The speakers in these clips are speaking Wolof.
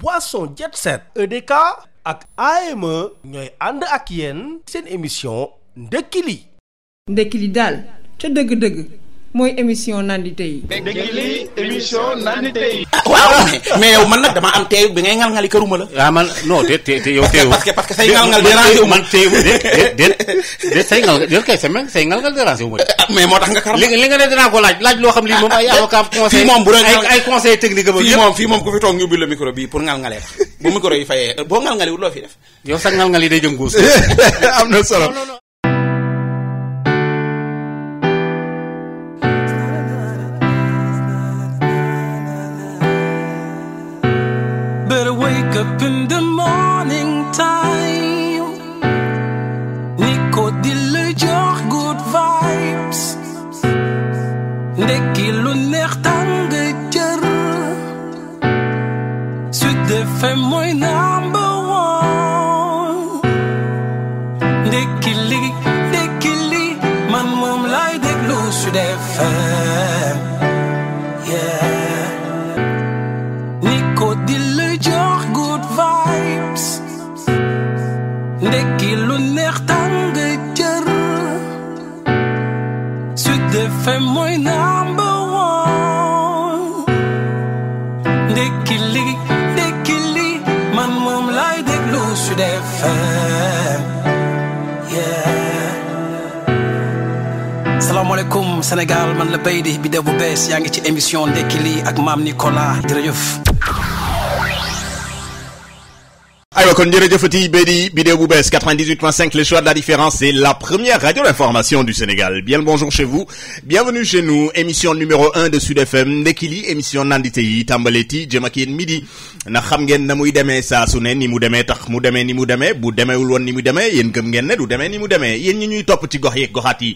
Boisson Jet Set EDK ak AME ñooy ànd ak yéen seen émission ndekki li ndekki li daal ca dëgg-dëgg mooy émission nandite yi. dégg li mais yow man nag dama am teeyu bi ngay ngal-ngali këruma la. waaw ah, man non te te yow say ngal-ngal ma. man teeyu de de de say ngal ngal-ngal dérangé wu mais moo tax nga karam. li nga li nga ko laaj laaj loo xam lii moom ay ah, avocat conseil. fii moom bu doon ay ay conseil technique am. fii moom fii moom ku fi toog ñu ubbi la micro bii pour ngal-ngalee bu micro yi fayee boo ngal-ngalee wut loo fi def. yow sax ngal-ngal day jëm guus. am na the Sénégal man la bay di bi dew bu bees yaa ngi ci émission ndekki lii ak maam Nicolas jërëjëf la kon jërëjëfati Bédi bidéo bu bees 98.5 le choix de la différence c'est la première radio d'information du Sénégal bien le bonjour chez vous bienvenue chez nous émission numéro un de Sud FM ndekki émission nandite yi tàmbaleeti jëm ak midi ndax xam ngeen na muy demee saa su ne ni mu demee tax mu demee ni mu demee bu demeewul woon ni mu demee yéen gëm ngeen ne du demee ni mu demee yéen ñi ñuy topp ci gox yeeg goxaat yi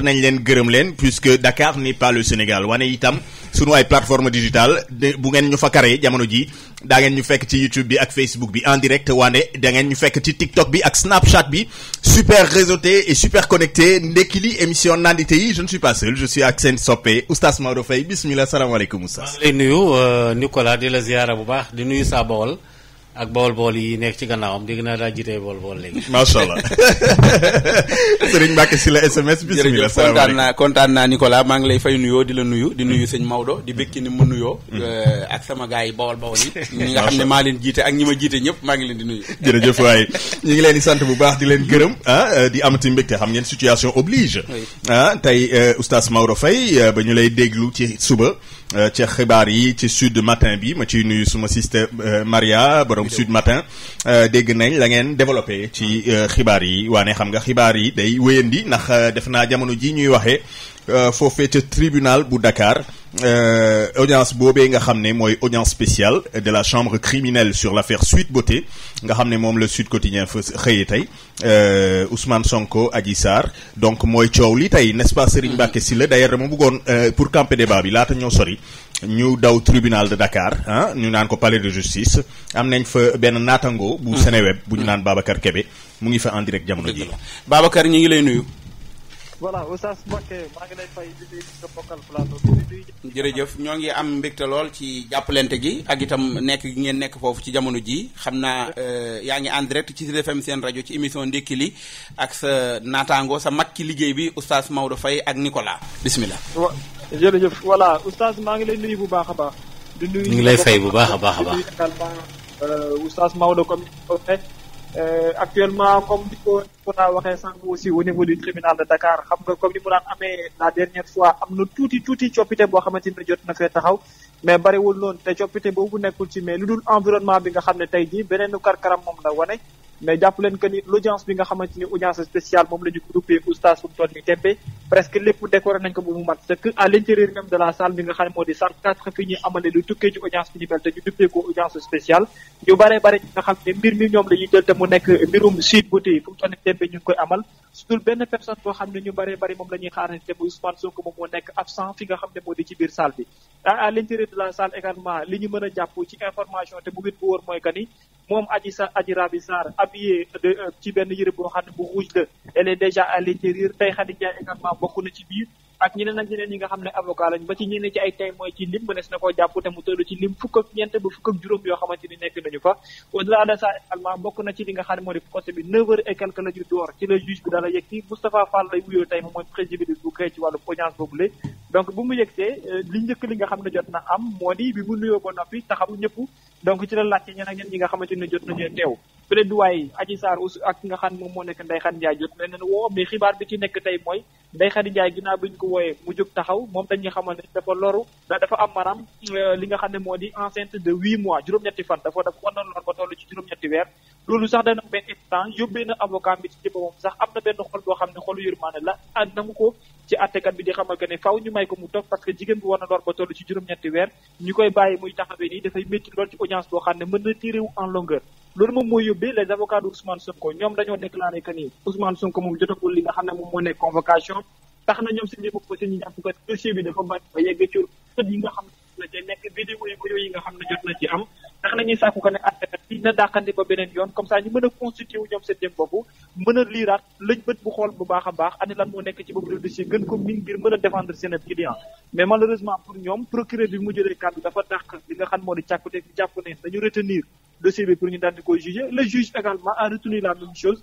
nañ leen gërëm leen puisque Dakar n'est pas le Sénégal itam sunu ay plateforme digitale bu ngeen ñu fa kare jamono ji daa ngeen ñu fekk ci YouTube bi ak Facebook bi en direct waane da ngeen ñu fekk ci TikTok bi ak Snapchat bi super réseauté et super connecté ndekki li émission nandite yi je ne suis pas seul je suis ak seen soppe oustaz Maodo Faye bismillah salaamaaleykum oustaz. maa ngi lay nuyu euh, Nicolas di la ziyaara bu baax di nuyu saa Bawol ak bool bool yi nekk ci am dégg naa daa jiitee bool bool léegi. macha allah sëriñ Mbacke si la SMS. bisimilah jërëjëf kontaan naa kontaan naa Nicolas maa ngi lay fay nuyoo di la nuyu. di nuyu sëñ Maodo di bëkki ni mu nuyoo. Mm. Euh, ak sama gars yi bool bool yi. ñi nga xam ne maa leen jiite ak ñi ma jiite ñëpp maa ngi leen di nuyu. jërëjëf waaye ñu ngi leen di sant bu baax di leen gërëm ah, euh, di amati mbégte xam ngeen situation oblige. ah tey euh, oustaz Maodo Faye ba ñu lay déglu ci suba. Euh, ci xibaar yi ci sud matin bi ma ciy nuyu suma sister euh, Maria borom sud matin euh, dégg nañ la ngeen développé ci xibaar yi waa ne xam nga xibaar yi day wéyandi ndax def naa jamono ji ñuy waxee Euh, foofee ca tribunal bu Dakar euh, audience boobee nga xam ne mooy audience spéciale de la chambre criminelle sur l'affaire Sweet Beauté nga xam ne moom la Sud Quotidien fa xëyee tey euh, Ousmane Sonko Adji Sarr donc mooy coow li tey n'est-ce pas Serigne Mbacké Sylla d'ailleurs dama bëggoon pour camper débat bi laata ñoo sori ñu daw tribunal de Dakar ah ñu naan ko palais de justice am nañ fa benn naatango bu hmm. Seneweb bu ñu naan Babacar Kébé mu ngi fa en direct jamono ji Babacar voilà Oustaz Mbacké maa jërëjëf ñoo ngi am mbégte lool ci jàppalante gi ak itam nekk gi ngeen nekk foofu ci jamono jii xam naa euh, yaa ngi en ci Sud seen rajo ci émission ndékki li ak sa naataango sa mag ci liggéey bi Oustaz Maodo Faye ak Nicolas bismillah. wa jërëjëf voilà Oustaz maa ngi lay bu baax a baax. di ngi lay fay bu baax a baax a baax. Euh, actuellement comme ni ko ni ko daa waxee sànq aussi au niveau du tribunal de Dakar xam nga comme ni mu daan amee la dernière fois am na tuuti tuuti coppite boo xamante ni jot na fee taxaw mais bariwul loon te coppite boobu nekkul ci mais lu dul environnement bi nga xam ne tey jii beneen karkaram moom la wane. mais jàpp leen que ni l'audience bi nga xamante ni audience spéciale moom la ñu groupé oustaz fu nii tembe presque lépp décoré nañ ko bu mu mat sëkk à l'intérieur même de la salle bi nga xam moo di salle quatre fi ñuy amale lu tukkee ci audience bi ñu mel te ñu duppee ko audience spéciale ñu bare bare nga xam ne mbir mi ñoom la ñuy te mu nekk mbirum Sweet Beauté fu mu toll nii koy amal sudul benn personne boo xam ne ñu bare bare moom la ñuy xaarani te muy Ousmane Sonko moom moo nekk absent fi nga xam ne moo di ci biir salle bi à l'intérieur de la bokk na ci biir ak ñeneen ak ñeneen ñi nga xam ne avocat lañ ba ci ñeneen ci ay témoin ci lim mënees na koo jàpp te mu tëdd ci lim fukk ak ñeent ba fukk ak juróom yoo xamante nekk nañu fa au delà de ça également bokk na ci li nga xam ne moo di procès mooy président bu kay ci wàllu audience boobu la donc bu mu yegsee euh, li njëkk li nga xam ne jot na am moo di bi mu nuyoo ba noppi taxaw ñëpp donc ci la laajte ñeneen ak ñeneen ñi nga xamante ni jot nañu teew plaidoyer Adji Sarr aussi ak ki nga xam moom moo nekk Ndeye Khady Ndiaye jot nañ bi ci nekk ñu ko wooyee mu jóg taxaw moom dañuy xamal ne dafa loru dafa am maanaam euh, li nga xam ne moo di enceinte de huit mois juróom-ñetti fan dafa dafa war na lor ba toll ci juróom-ñetti weer loolu sax dana benn instant yóbbee na avocat bi ci jëppamam sax am na benn xol boo xam ne xolu yërmaane la nangu ko ci àttekat bi di xamal que ne faaw ñu may ko mu toog parce que jigéen bi war loolu moom mooy yóbbee les avocats de Ousmane Sonko ñoom dañoo déclaré que ni Ousmane Sonko moom jotagul li nga xam ne moom moo nekk convocation tax na ñoom ko nga xam ne jot na ci nekk vidéo yi yooyu yi nga dàqandi ba beneen yoon comme ça ñu mën a constitué wu ñoom seen jëm mën a liiraat lëj bu xool bu baax a baax ani lan moo nekk ci boobu dossier gën ko min biir mën a défendre seen client mais malheureusement pour ñoom procureur bi mu jëlee kàddu dafa dàq di dossier bi pour ñu daan di le juge également a retenu la même chose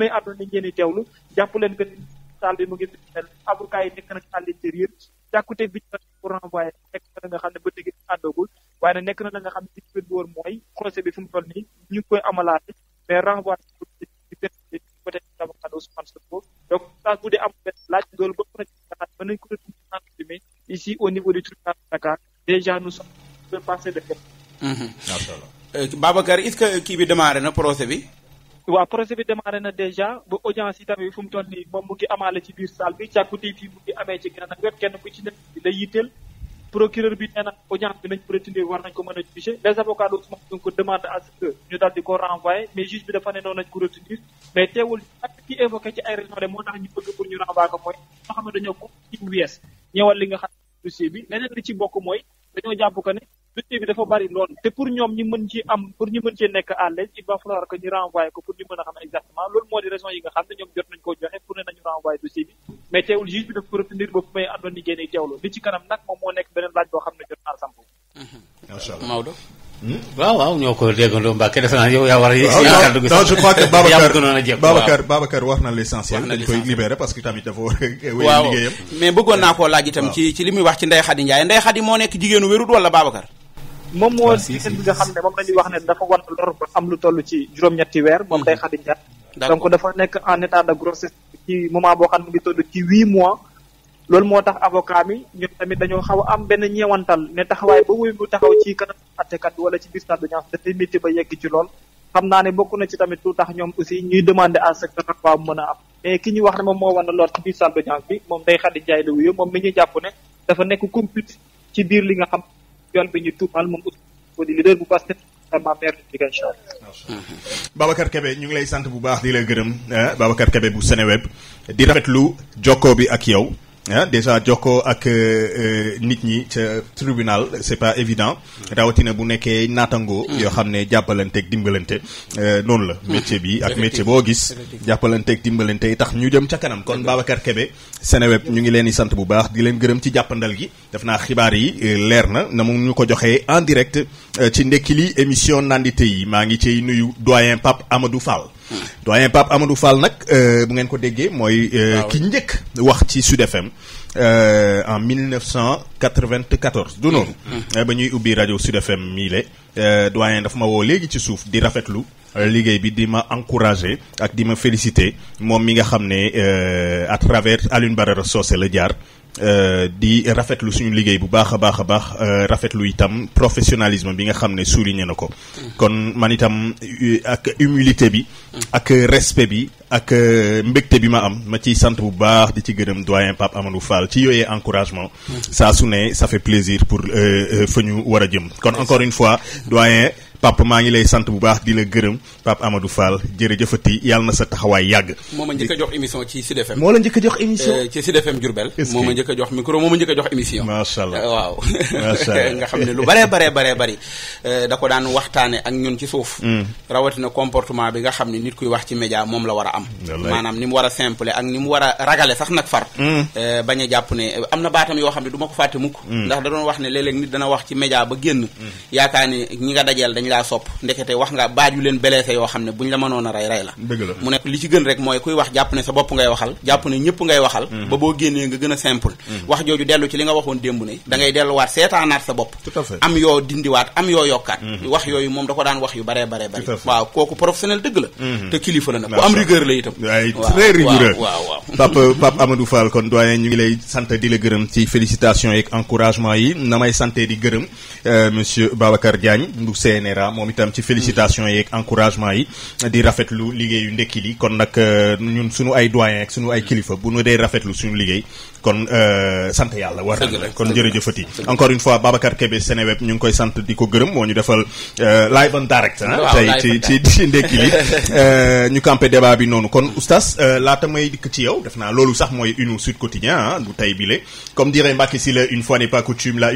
mais àndoon nañ leen di jàpp leen que salle bi mu ngi mel avocat nekk na ci à l'intérieur jàkkute bi pour renvoyer nekk na nga xam ne ba léegi àndoogul waaye nag nekk na la nga xam ne li ci gën mooy procès bi fu mu toll nii ñu ngi koy amalaate mais renvoi di di côté avocat Ousmane bu dee am benn laaj loolu bokk na ci nga xam ne mën nañ ko doon ici au niveau du tribunal de Dakar de fait. Mm-hmm. Euh, Babacar que kii bi démarré na procès bi. waaw projet bi démarré na déjà ba audience yi tamit fu mu toll nii moom ci biir salle bi càkkutéef yi mu ngi amee ci genn wet kenn ku ci nekk lay yitteel procureur bi nee na audience bi nañ ko retenir war nañ ko mën a juger que ñu daal di ko renvoyer mais juge bi dafa ne noonu nañ ko retenir mais teewul ki évoqué ci ay raisons moo tax ñu bëgg pour ñu renvoyer ko mooy ñoo xam ne dañoo ko ci li nga xam dossier bi leneen li ci bokk mooy dañoo jàpp que ne dossier bi dafa bari lool te pour ñoom ñi mën ci am pour ñu mën cee nekk à l'aise il va falloir que ñu renvoyé ko pour ñu mën a xam exactement loolu moo di raison yi nga xam ne ñoom jot nañ koo joxe pour ne nañu renvoyé dossier bi mais teewul juge bi dafa ko ba fu may àndoon ni génne teewlu li ci kanam nag moom moo nekk beneen laaj boo xam ne jot naa samp. Mhm. macha allah waaw waaw ñoo ko déggandoo Mbacke defe naa yow yaa war a. yaakaar dugg non je crois que Babacar Babacar Babacar wax na l'essentiel. dañ parce que tamit dafa war a. waaw liggéeyam li muy wax ci Ndeye Khady Ndiaye Ndeye Khady moo nekk jigéenu wérut wala Babacar. moom moo ah, xam ne wax ne dafa war lor ba am lu toll ci juróom-ñetti weer moom mhm. Ndeye Khady Ndiaye. donc dafa nekk en état de boo xam ne mu ngi ci huit mois loolu moo tax avocat mi ñun tamit dañoo xaw a am benn ñeewantal ne taxawaay ba wuy mu taxaw ci kanam àttekat bi wala ci biir stade d'audience dafay métti ba yegg ci lool xam naa ne bokk na ci tamit lu tax ñoom aussi ñuy demander à a am mais ki ñu wax ne moom moo war na lor ci biir stade d'audience bi moom day xadi jaay la wuyu moom mi ñu jàpp ne dafa nekk complice ci biir li nga xam yoon bi ñu tuumal moom aussi ko di leader bu Pastef Babacar Kebe ñu ngi lay sant bu baax di la gërëm eh, Babacar Kebe bu Seneweb di lu jokkoo bi ak yow ah déjà jokkoo ak euh, euh, nit ñi ca tribunal c'est pas évident hmm. rawatina bu nekkee naatangoo hmm. yoo xam ne jàppalanteeg dimbalante euh, noonu la hmm. métier bi ak métier boo gis jàppalanteeg dimbalante yi tax ñu jëm ca kanam kon Babacar Kébé Seneweb ñu ngi leen di sant bu baax di leen gërëm ci jàppandal gi def naa xibaar yi leer na na mu ñu ko joxee en direct ci ndekki li émission nandite yi maa ngi ciy nuyu doyen pap Amadou Fall doyen Pape Amadou Fall nag euh, bu ngeen ko déggee mooy. Euh, ah ki njëkk wax ci Sud FM. Euh, en 1994 du noonu mm, mm. Euh, ba ñuy ubbi rajo Sud FM mii le doyen dafa ma woo léegi ci suuf di rafetlu liggéey bi di ma encouragé ak di ma félicité moom mi nga xam ne à travers Alioune Barara la jaar Euh, di rafetlu suñu liggéey bu baax a baax a baax euh, rafetlu itam professionnalisme bi nga xam ne souligné na ko. kon man itam euh, ak humilité bi. ak respect bi ak mbégte bi ma am ma ciy sant bu baax di ci gërëm doyen Pape Amadou Fall ci yooyee encouragement. Mm. saa su ne ça fait plaisir pour fa ñu war a jëm. kon encore une fois doyen. papa maa ngi lay sant bu baax di la gërëm papa Amadou Fall jërëjëfati yàlla na sa taxawaay yàgg. moo ma njëkk a jox émission ci Sud FM. a euh, ci Sud FM Diourbel. a jox micro moo ma njëkk a jox émission. macha allah euh, waaw. macha allah nga xam ne lu baree baree baree bari euh, da ci suuf. Mm. rawatina bi nga xam ne nit kuy wax ci média moom la war a am. maanaam ni mu war a simple ak ni mu war a ragale sax nag far. Mm. bañ a jàpp ne am na baatam yoo xam ne du ko fàtte mukk. Mm. ndax da doon wax ne léeg-léeg nit dana wax ci média ba génn yaakaar ni ñi nga dajeel dañu laa sopp ndekete wax nga baaju leen beleese yoo xam ne buñ a la mu ne li ci gën rek mooy kuy wax jàpp mm-hmm. ba boo génnee nga gën a simple mm-hmm. wax jooju dellu ci li nga da ngay delluwaat seetaanaat sa bopp am yoo dindiwaat am yoo yokkaat mm-hmm. wax yooyu moom da ko ñu ngi lay gërëm ci félicitations yi encouragement yi na may gërëm euh, monsieur Babacar Diagne bu CNRA Camara moom itam ci félicitations yeeg encouragement yi di lu liggéeyu ndekki li kon nag euh, ñun suñu ay doyen ak ay kilifa bu ñu dee rafetlu suñu liggéey kon euh, sant yàlla war na kon jërëjëfati encore une fois Babacar Kébé Seneweb ñu ngi koy sant di ko gërëm moo ñu defal euh, live and direct tey ci ci ndekki li ñu campé débat bi noonu kon oustaz laata may dikk ci yow def naa loolu sax mooy une Sud Quotidien ah du tey bile comme dirait Mbacké Sylla une fois n'est pas coutume la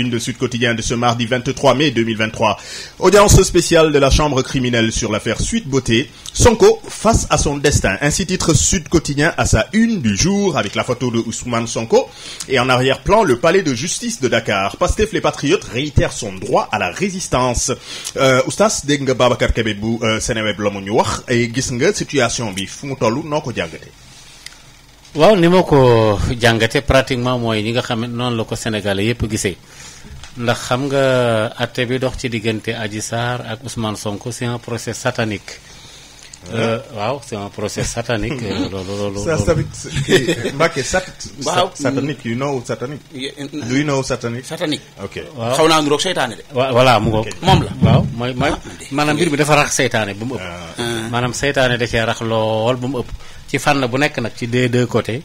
spéciale de la chambre criminelle sur l'affaire Suite Beauté, Sonko face à son destin. Ainsi titre Sud Quotidien à sa une du jour avec la photo de Ousmane Sonko et en arrière-plan le palais de justice de Dakar. Pastef les patriotes réitèrent son droit à la résistance. Euh, Oustaz dégg nga Babacar Kébé bu euh, Seneweb la mu ñu wax gis nga situation bi fu mu toll noo ko jàngate. waaw ni ma ko jàngate pratiquement mooy ñi nga xam ne noonu la ko Sénégalais ndax xam nga àtte bi dox ci diggante Adji Sarr ak Ousmane Sonko c'est un procès satanique. Euh, waaw c'est un procès satanique. Euh, loolu loolu loolu. Mbacke sat. waaw satanique you satanique. xaw naa niroog seytaane de. wa voilà mu ngoog moom la. waaw mooy mooy ah, maanaam mbir bi dafa rax seytaane ba mu ëpp. Ah. Ah. maanaam seytaane da cee rax lool ba mu ëpp. ci fànn bu nekk nag ci des deux côtés.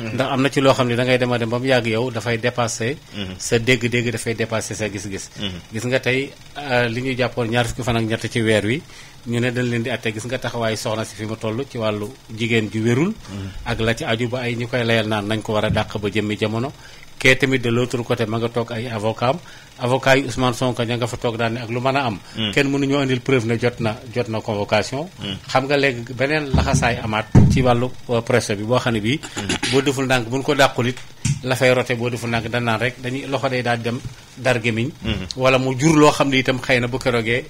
ndax am na ci loo xam ne dangay ngay dema dem ba mu yàgg yow dafay dépassé mhm. sa dégg-dégg dafay dépassé sa gis-gis mhm. gis nga tey euh, li ñuy jàppoon ñaar fukki fan ak ñett ci weer wi ñu ne dañ leen di atte gis nga taxawaayu soxna si fi mu toll ci wàllu jigéen ju wérul mhm. ak la ci aju ba ay ñi koy layal naan nañ ko war a dàq ba jëmmi jamono kee tamit de l'autre côté ma nga toog ay avocat am avocat yi Ousmane Sonko ña nga fa toog daal ne ak lu mën a am hmm. kenn mënuñoo indil preuve ne jot na jot na convocation hmm. xam nga léegi beneen laxasaay amaat ci wàllu euh, procès bi boo xam ne bii hmm. boo deful ndànk buñ ko it la fay rote boo deful ndànk danaan rek dañuy loxo de daa dem dar gémiñ wala mu jur loo xam ne itam xëy na bu kerogee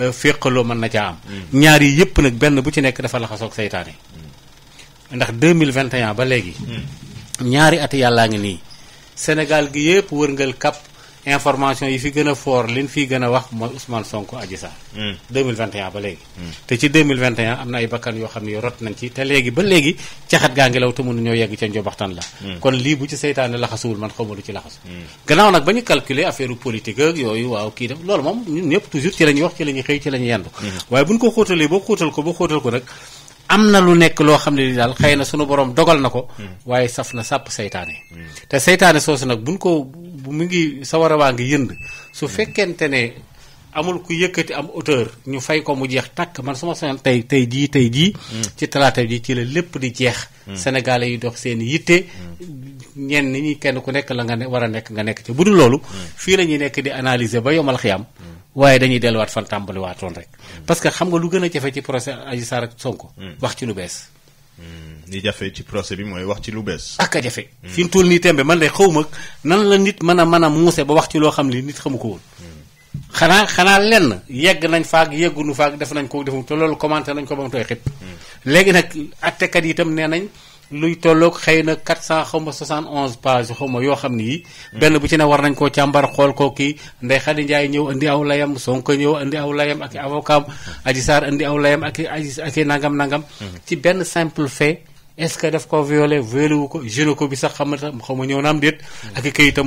euh, féqaloo mën na ca am ñaar yi yëpp nag benn bu ci nekk dafa laxasoog seytaane ndax 2021 ba léegi ñaari at yàllaa ngi nii Sénégal gi yëpp wërngal kap information yi fi gën a fort liñ fiy gën a wax mooy Ousmane Sonko Adji Sarr. 2021 hmm. ba léegi. Hmm. te ci yoo xam ne rot nañ ci te léegi ba léegi caxat gaa ngi law te mënuñoo yegg ca njobaxtan la. Hmm. kon lii bu ci seytaane laxasuwul man xaw ma lu ci laxasu. gannaaw nag ba ñu calculer affaire politique yooyu waaw kii def loolu moom ñun ñëpp toujours ci la wax ci la ñuy xëy ci la ñuy waaye bu ñu ko xóotalee ba xóotal ko ba xóotal ko nag. am na lu nekk loo xam ne li daal xëy na sunu borom dogal na ko hmm. waaye saf na sàpp seytaane hmm. te seytaane soosu nag buñ ko bu mu ngi sawara waa ngi yënd su hmm. fekkente ne amul ku yëkkati am auteur ñu fay ko mu jeex tàkk man suma soñoon tey tey jii tey jii ci talaata ji ci la lépp di jeex sénégalais yi dox seen yitte ñenn ñi kenn ku nekk la nga war a nekk nga nekk ci bu dul loolu fii la ñuy nekk di analyser ba yomal am waaye dañuy delluwaat fan tàmbaliwaatoon rek. Mm. parce que xam nga lu gën a jafe ci procès Adji Sarr ak Sonko. Mm. wax ci lu bees. Mm. li jafe ci procès bi mooy wax ci lu bees. ak a jafe. fi mu toll nii tembe man de xaw ma nan la nit mën a mën a muuse ba wax ci loo xam li nit xamu ko woon. xanaa xanaa lenn yegg nañ faag yegguñu faag def nañ ko defu te loolu commenté nañ ko ba mu tooy xëpp. léegi nag attekat yi itam nee nañ. luy tolloog xëy na 400 xaw ma 71 pages xaw ma yoo xam ni yi benn bu ci ne war nañ koo càmbar xool ko kii Ndeye Khady Ndiaye ñëw indi aw layam Sonko ñëw indi aw layam ak i avocat Adji Sarr indi aw layam ak i ak i nangam nangam mhm. ci benn simple fait est ce que def ko violé violé ko génne ko bi sax xam nga ma ñëw na am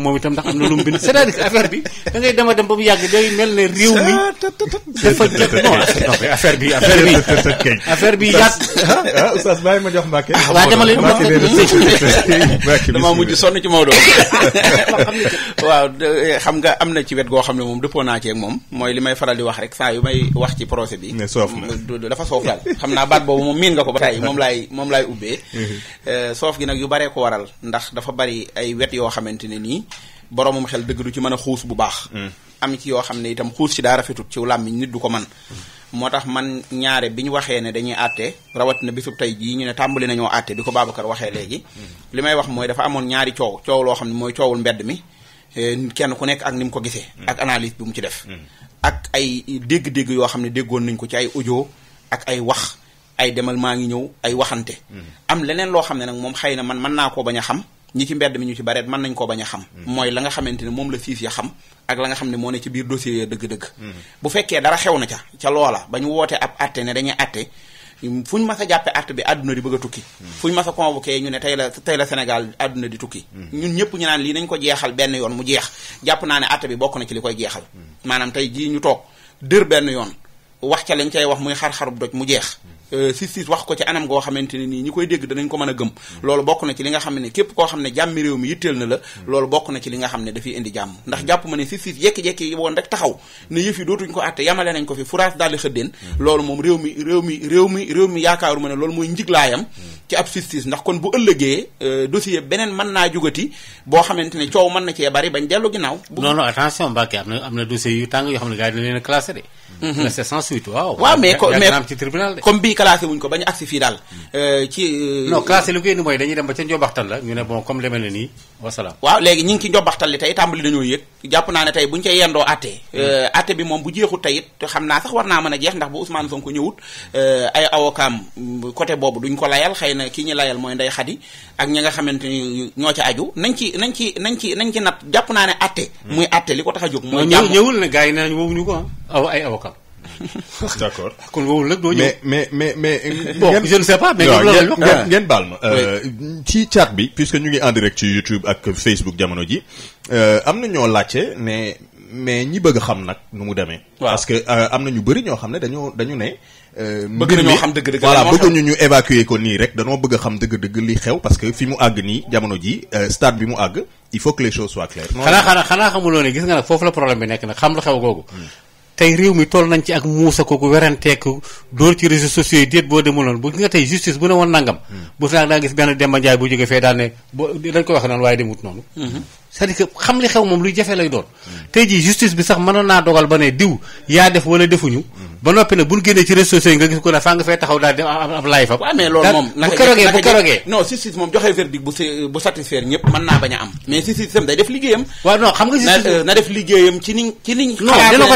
moom itam ndax am na lu affaire bi a dem ba yàgg day mel ne affaire bi bi ah, ah, ma jox Mbacke. Ah, waaw dama leen ci Maodo. nga am na ci wet goo xam ne moom dëppoo naa moom mooy li may faral di wax rek saa yu may wax ci projet bi. dafa soof daal xam naa baat boobu moom miin nga ko ba tey moom lay moom laay ubbee Eh, soof gi nag yu baree ko waral ndax dafa bari ay wet yoo xamante ne nii boromum xel dëgg du ci mën a xuus bu baax mm. am ci yoo xam ne itam xuus ci daa rafetut ci làmmiñ nit du ko man mm. moo tax man ñaare bi ñu waxee ne dañuy àtte rawatina bisub tey jii ñu ne tàmbali nañoo àtte bi ko Babacar waxee léegi mm. li may wax mooy dafa amoon ñaari coow coow loo xam ne mooy coowul mbedd mi eh, kenn ku nekk ak ni mu ko gisee ak analyse bi mu ci def ak ay dégg-dégg yoo xam ne déggoon nañ ko ci ay audio ak ay wax ay demal maa ngi ñëw ay waxante. Hmm. am leneen loo xam ne nag moom xay na man mën naa ko bañ a xam. ñi ci mbedd mi ñu ci bareet man nañ koo bañ a xam hmm. mooy la nga xamante ne moom la siis ya xam ak la nga xam ne moo ne ci biir dossier ya dëgg-dëgg hmm. bu fekkee dara xew na ca ca loola ba ñu wootee ab atte ne dañuy ñu mas a jàppe atte bi àdduna di bëgg tukki fu ñu mas a convoqué ñu ne tey la tey la Sénégal àdduna di tukki ñun ñëpp ñu naan lii nañ ko jeexal benn yoon mu jeex jàpp naa ne atte bi bokk na ci li koy jeexal maanaam tey jii ñu toog dër benn yoon wax ca lañ cay wax muy xar-xarub doj mu jeex justice euh, wax ko ci anam goo xamante ne nii ñi koy dégg danañ ko mën a gëm mm. loolu bokk na ci li nga xam ne képp koo xam ne jàmm jàmmi réew mi yitteel na la mm. loolu bokk na ci li nga xam ne dafay indi jàmm ndax mm. jàpp ma ne justice yekki-jekki woon rek taxaw ko àtte yamale nañ ko fi furaas daal di loolu moom réew mi réew mi réew mi réew mi yaakaaru ma ne loolu mooy njiglaayam ci ab justice ndax kon bu ëllëgee euh, dossier beneen mën naa jugati boo xamante ne coow mën na ee bari bañ dellu ginnaaw non non attention Mbacke am na am na dossier yu yoo xam ne gars yi dañ leen a la mm-hmm. c'est sans suite waaw. waaw mais mais comme bii classé wuñ ko ba ñu agsi fii daal. Euh, ci euh, non classé li koy mooy dañuy dem ba ca Ndiobactan la ñu ne bon comme demee na nii. wasalaam waaw léegi ñi ngi ci njobaxtal li tey tàmbali dañoo yëg jàpp naa ne tey bu ñu cay yendoo atte euh, atte bi moom bu jeexut tey it xam naa sax war naa mën a jeex ndax bu Ousmane Sonko ñëwut euh, ay awokaam euh, côté boobu duñ ko layal xëy na ki ñu layal mooy Ndeye Khady ak ñi nga xamante ni ñoo ci aju nañ ci nañ ci nañ ci nañ ci nat jàpp naa ne atte muy atte li ko tax a jóg mooy ñëwul na gars yi nañ woowuñu ko ah. aw ay awokaam d' kon wow lëg doo mais mais mais mais. Euh, bon je pas mais ngeen baal ma. Euh, ci chat bi puisque ñu ngi en direct ci YouTube ak Facebook jamono ji euh, am na ñoo laajte ne mais ñi bëgg xam nag nu mu demee. parce que am na ñu bëri ñoo xam ne dañoo dañu ne. bëgg nañoo xam dëgg-dëgg nii rek danoo bëgg xam dëgg-dëgg li xew parce que fi mu àgg nii jamono ji stade bi mu àgg il faut que les choses soient xanaa xanaa xanaa xamuloo ne gis nga nag foofu la problème bi nekk nag xam lu xew googu hmm. tey réew mi toll nañ ci ak muusa kooku weranteek dóor ci réseaux sociaux yi déet boo demuloon bu nga tey justice bu ne woon nangam hmm. bu saag daa gis benn Demba Njaay bu jóge fee daal ne dañ ko wax naan waaye demut noonu hmm. c'est-à-dire que xam li xew moom luy jafe lay doon. tey justice bi sax mënoon naa dogal ba ne diw yaa def wala defuñu. ba noppi nag ah, bu nga justice moom a am. mais justice euh, na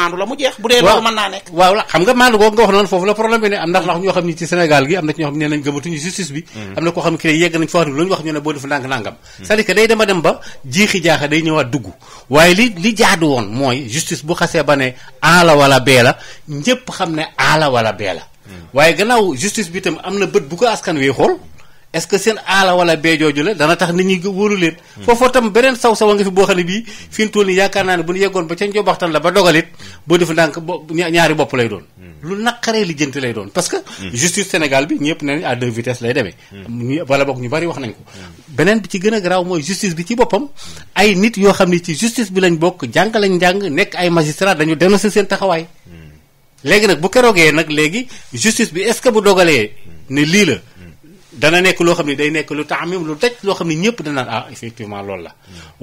ko xam nga maandu googu nga wax noonu foofu la problème bi ne am ndax ndax ñoo xam ni ci Sénégal gi am na ñoo xam ne nañ gëmatuñu justice bi hmm. am na koo xam ne yegg nañ foo xam ne wax ñu ne boo def ndànk nangam cest day dema dem ba jiixi jaaxa day ñëwaat dugg waaye li li jaadu woon mooy justice bu xasee ba ne A la wala B la ñëpp xam ne A la wala B la hmm. waaye gannaaw justice bi itam am na bët bu ko askan wi xool est-ce que seen aala wala bee jooju la dana tax nit ñi wóolu leen foofu tam beneen saw sawal nga fi boo xam ne bii fi mu toll nii yaakaar naa ne bu ñu yeggoon ba ca njobaxtan la ba dogalit boo def ndànk ñaari bopp lay doon hmm. lu naqaree lijjanti lay doon parce que hmm. justice Sénégal bi ñëpp ne nañ à deux vitesses lay demee hmm. ñu wala boog ñu bari wax nañ ko beneen bi ci gën a garaaw mooy justice bi ci boppam ay nit yoo xam ne ci justice bi lañ bokk jàng lañ jàng nekk ay magistrat dañu dénoncer seen taxawaay léegi nag bu keroogee nag léegi justice bi est-ce que bu dogalee ne lii la dana nekk loo xam ne day nekk lu taamim lu daj loo xam ne ñëpp danaan ah effectivement lool la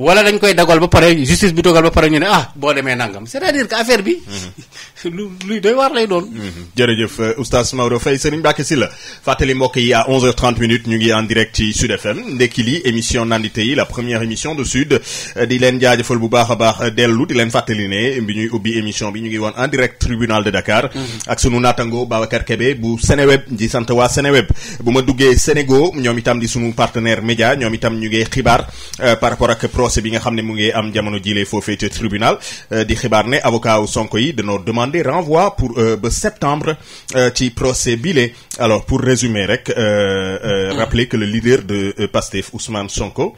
wala dañ koy dagal ba pare justice bi dogal ba pare ñu ne ah boo demee nangam c'est-à-dire que affaire bi mm-hmm. lu luy doy waar lay doon mm-hmm. jërëjëf euh, oustaz Maodo Faye Serigne Mbacké Sylla fàttali mbokk yi à 11 h minutes ñu ngi en direct ci Sud FM ndekki li émission nandite yi la première émission de Sud euh, di leen jaajëfal bu baax a baax euh, dellu di leen fàttali ne bi ñuy ubbi bi ñu ngi woon en direct tribunal de Dakar mm-hmm. ak sunu naatango Babacar Kébé bu Seneweb di sant waa Seneweb bu ma duggee Sénégo ñoom itam di sunu partenaire média ñoom itam ñu ngi xibaar euh, par rapport ak procès bi nga xam ne mu ngi am jamono jilee foofee ca tribunal euh, di xibaar ne avocat wu Sonko yi dañoo demander renvoi pour euh, ba septembre ci procès bi le alors pour résumer rek rappeler que le leader de Pastef Ousmane Sonko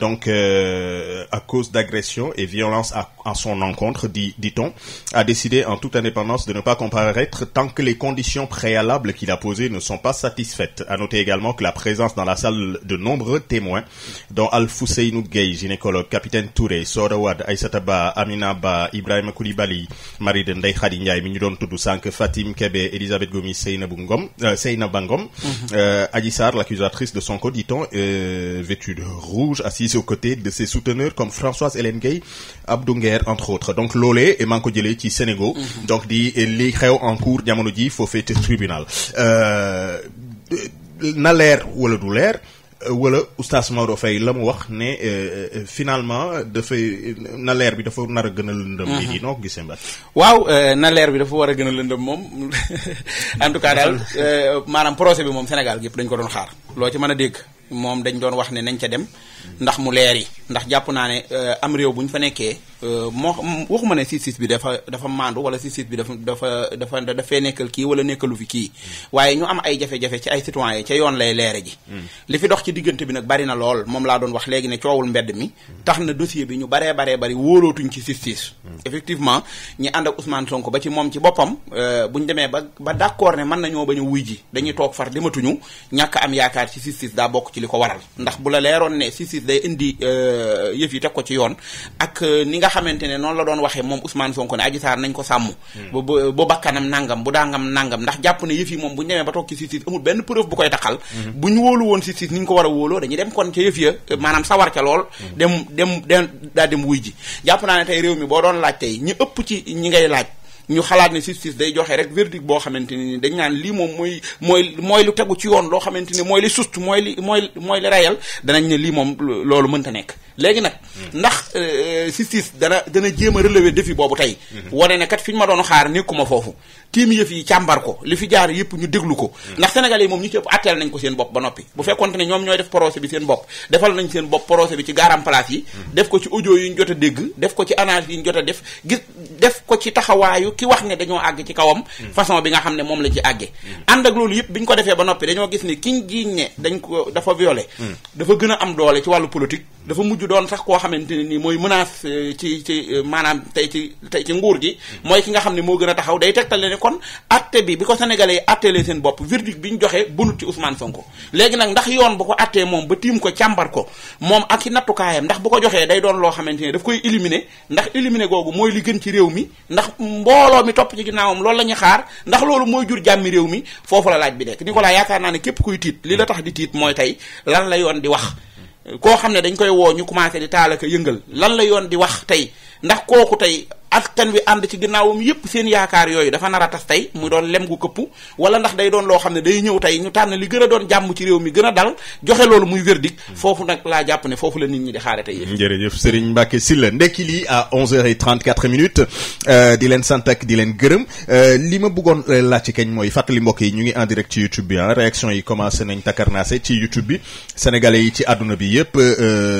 donc à cause d'agression et violence à son encontre dit on a décidé en toute indépendance de ne pas comparaître tant que les conditions préalables qu'il a posées ne sont pas satisfaites à également que la présence dans la salle de nombreux témoins, dont Al-Fousseinou Gueye, gynécologue, capitaine Touré, Sorawad, Aïssata Ba, Amina Ba, Ibrahima Koulibaly, mari de Ndeye Khady Ndiaye mi ñu doon tudd sànq, Fatim Kébé, Elisabeth Gomis, Seynabou Ngom, euh, Seynaba Ngom, mhm. euh, Adji Sarr, l'accusatrice de Sonko, dit-on, euh, vêtue rouge, assise aux côtés de ses souteneurs comme Françoise Hélène Gueye, Abdou entre autres. Donc loolee maa ngi ko ci Sénégal. Mhm. donc li xew en cours jamono ji foofee te tribunal. na leer wala du leer euh, wala oustaz Maodo la mu wax ne euh, euh, finalement dafay na leer bi dafa nar a gën a lëndëm. Mhm. lii di noo ko gisee Mbacke. waaw na leer bi dafa war a gën a lëndëm moom en tout cas daal maanaam projet bi moom senegal yëpp dañ ko doon xaar. loo ci mën a dégg moom dañ doon wax ne nañ ca dem ndax mu leer yi ndax jàpp naa ne euh, am réew bu ñu fa nekkee euh, moo waxuma ne justice bi dafa dafa maandu wala justice bi dafa dafa dafa dafee nekkal kii wala nekkalu fi kii waaye ñu am ay jafe ci ay citoyen ca yoon lay leere ji hmm. li fi dox ci diggante bi nag bari na lool moom laa doon wax léegi ne coowul mbedd mi hmm. tax na dossier bi ñu baree baree bari wóolootuñ ci justice hmm. effectivement ñi ànd ak Ousmane ba ci moom ci boppam euh, bu ñu demee ba ba d'accord ne mën nañoo bañ a wuy ji dañuy toog far dematuñu ñàkk am yaakaar jaar ci justice daa bokk ci li ko waral ndax bu la leeroon ne justice day indi euh, yëf yi teg ko ci yoon ak euh, ni nga xamante ne noonu la doon waxee moom Ousmane Sonko ne Adji Sarr nañ ko sàmm bu hmm. bu bakkanam nangam bu dangam nangam ndax jàpp na yëf yi moom bu ñu demee ba toog ci justice amul benn preuve bu koy taxal hmm. bu ñu wóolu woon justice ni ñu ko war a wóoloo dañuy dem kon ca yëf ya euh, maanaam sawar ca lool hmm. dem dem dem daa dem wuy ji jàpp naa ne tey réew mi boo doon laaj tey ëpp ci ñi ngay laaj ñu xalaat ne justice day joxe rek verdict boo xamante ni dañ naan lii moom mooy mooy mooy lu tegu ci yoon loo xamante ni mooy li sust mooy li mooy mooy li rayal danañ ne lii moom loolu mënta nekk léegi nag hmm. ndax euh, justice dana dana jéem a relever défi boobu tey hmm. wane ne kat fi ñu ma doon xaar nekkuma foofu tiim yëf yi càmbar ko li fi jaar yëpp ñu déglu ko mm. ndax sénégalais yi moom ñu ci ëpp nañ ko seen bopp ba noppi bu fekkonte ne ñoom ñooy def procès bi seen bopp defal nañ seen bopp procès bi ci garam place yi mm. def ko ci audio yi ñu jot a dégg def ko ci analyse yi ñu jot a def gis def ko ci taxawaayu ki wax ne dañoo àgg ci kawam mm. façon bi nga xam ne moom la ci àggee ànd loolu yëpp bi ñu ko defee ba noppi dañoo gis ne kiñ jiiñ ne dañ ko dafa violé a a kon bi bi ko sénégalais yi attelee seen bopp verdict bi ñu joxee bunut ci Ousmane Sonko léegi nag ndax yoon bu ko attee moom ba tiim ko càmbar ko moom ak ci nattukaayam ndax bu ko joxee day doon loo xamante ne daf koy éliminer ndax éliminer googu mooy li gën ci réew mi ndax mbooloo mi topp ci ginnaawam loolu la ñu xaar ndax loolu mooy jur jàmmi réew mi foofu la laaj bi nekk Nicolas yaakaar naa ne képp kuy tiit li la tax di tiit mooy tey lan la yoon di koo xam ne dañ koy woo ñu commencé di taal yëngal lan la yoon di wax tey ndax askan wi ànd ci ginnaawam yépp seen yaakaar yooyu dafa nara a tas tey mu doon lem gu këpp wala ndax day doon loo xam ne day ñëw tey ñu tànn li gën a doon jàmm ci réew mi gën a dal joxe loolu muy verdict hmm. foofu nag laa jàpp ne foofu la nit ñi di xaare tey jërëjëf Serigne Mbacké Sylla ndekki lii à 11h34 minutes euh, di leen sant ak di leen gërëm euh, li ma bëggoon euh, laa ci kañ mooy fàttali mbokk yi ñu ngi en direct ci YouTube bi ah réaction yi commencé nañ takarnaase ci YouTube bi sénégalais yi ci àdduna bi yépp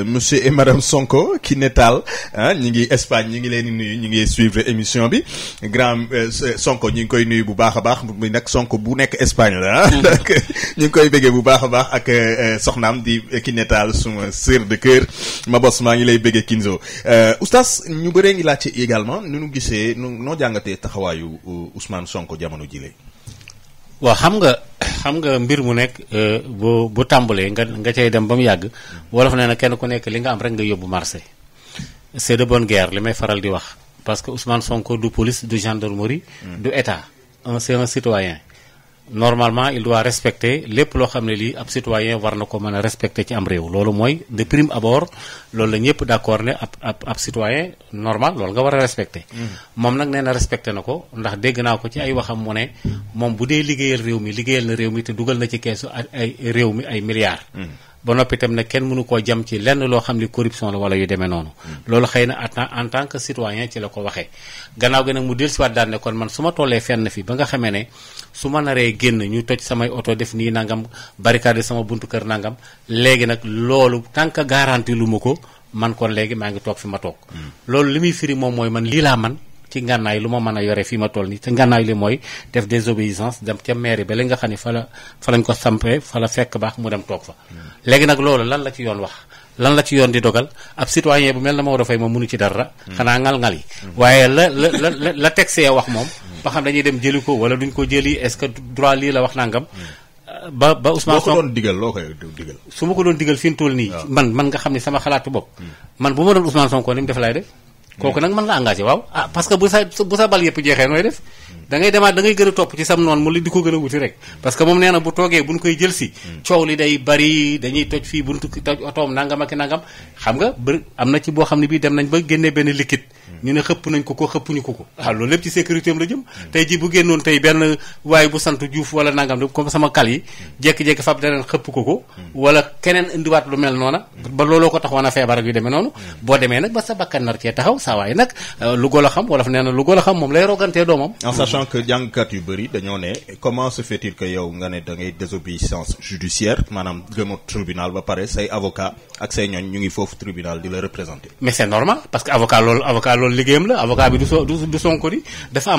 monsieur et madame Sonko ki netaal ah ngi Espagne ñi ngi leen nuyu ñi ngi suivre émission bi grand euh, Sonko ñu ngi koy nuyu bu baax a baax muy nag Sonko bu nekk Espagne la donc ah. mm-hmm. ñu ngi koy bëggee bu baax a baax ak euh, soxnaam di Kiné Tall suma sœur de cœur ma bos maa ngi lay bëggee Kinzo euh, oustaz ñu bëree ngi laajte également nu nu gisee nu noo jàngatee taxawaayu Ousmane Sonko jamono jile waa xam nga xam nga mbir mu nekk bu bu tàmbalee nga nga cay dem ba mu yàgg wolof nee na kenn ku nekk li nga am rek nga yóbbu marché c'est de bonne guerre li may faral di wax parce que Ousmane Sonko du police du gendarmerie. Hmm. du état un c'est un citoyen. normalement il doit respecter lépp loo xam ne lii ab citoyen war na ko mën a respecter ci am réew loolu mooy de prime abord loolu la ñëpp d'accord ne ab ab citoyen normal loolu nga war a respecter. Hmm. moom nag nee na respecté na ko ndax dégg naa ko ci ay waxam mu ne moom bu dee liggéeyal réew mi liggéeyal na réew mi te dugal na ci keesu ay réew mi ay milliards. Hmm. ba noppi itam ne kenn mënu koo jam ci lenn loo xam ne corruption la wala yu demee noonu hmm. loolu xëy na en tant que citoyen ci la ko waxee gannaaw gi nag mu dellusiwaat daal ne kon man su ma tollee fenn fi ba nga xamee ne su ma naree génn ñu toj samay oto def nii nangam barricade sama buntu kër nangam léegi nag loolu tant que garanti lu ma ko man kon léegi maa ngi toog fi ma toog hmm. loolu li muy firi mooy man lii laa man ci ngànnaay lu ma mën a yore fi ma toll nii la fa lañ ko sampee fa la fekk baax mu dem toog fa. Hmm. léegi nag la ci yoon wax. lan la ci yoon di dogal ab citoyen bu mel na Maodo Faye moom mënu ci dara. Hmm. xanaa ngal-ngal yi. Hmm. waaye la la la la texte man man nga xam ne sama xalaatu bopp. man bu ma doon Ousmane Sonko ni mu def laay def. kooku nag man la engagé waaw ah parce que bu sa bu sa bal yëpp jeexee nooy def da ngay demaat da ngay gën a topp ci sam noonu mu li di ko gën a wuti rek parce moom nee na bu toogee buñ koy jël hmm. coow li day bari dañuy toj fii buntu toj otoom nangam ak nangam xam nga bëri am na ci boo xam ne bii dem nañ ba génnee benn liquide ñu ne xëpp nañ ko ko xëppuñu ko ko waaw ah, loolu lépp ci sécurité la jëm hmm. tey ji bu génnoon tey benn waaye bu sant Diouf wala nangam de comme sama kal yi hmm. jekki-jekki fab daneen xëpp ko ko hmm. wala keneen indiwaat lu mel noona ba looloo ko taxoon a feebar ak yu demee noonu boo demee nag ba sa bakkan nar cee taxaw sa waay nag euh, lu golo xam wala fa nee na lu golo xam moom lay rogantee doomam en sachant que jàngkat yu bëri dañoo ne comment se fait-il que yow nga ne da ngay désobéissance judiciaire maanaam gëmoo tribunal ba pare say avocat ak say ñu ngi foofu tribunal di la représenter mais c'est normal parce liggéeyam la avocat bi du so du dafa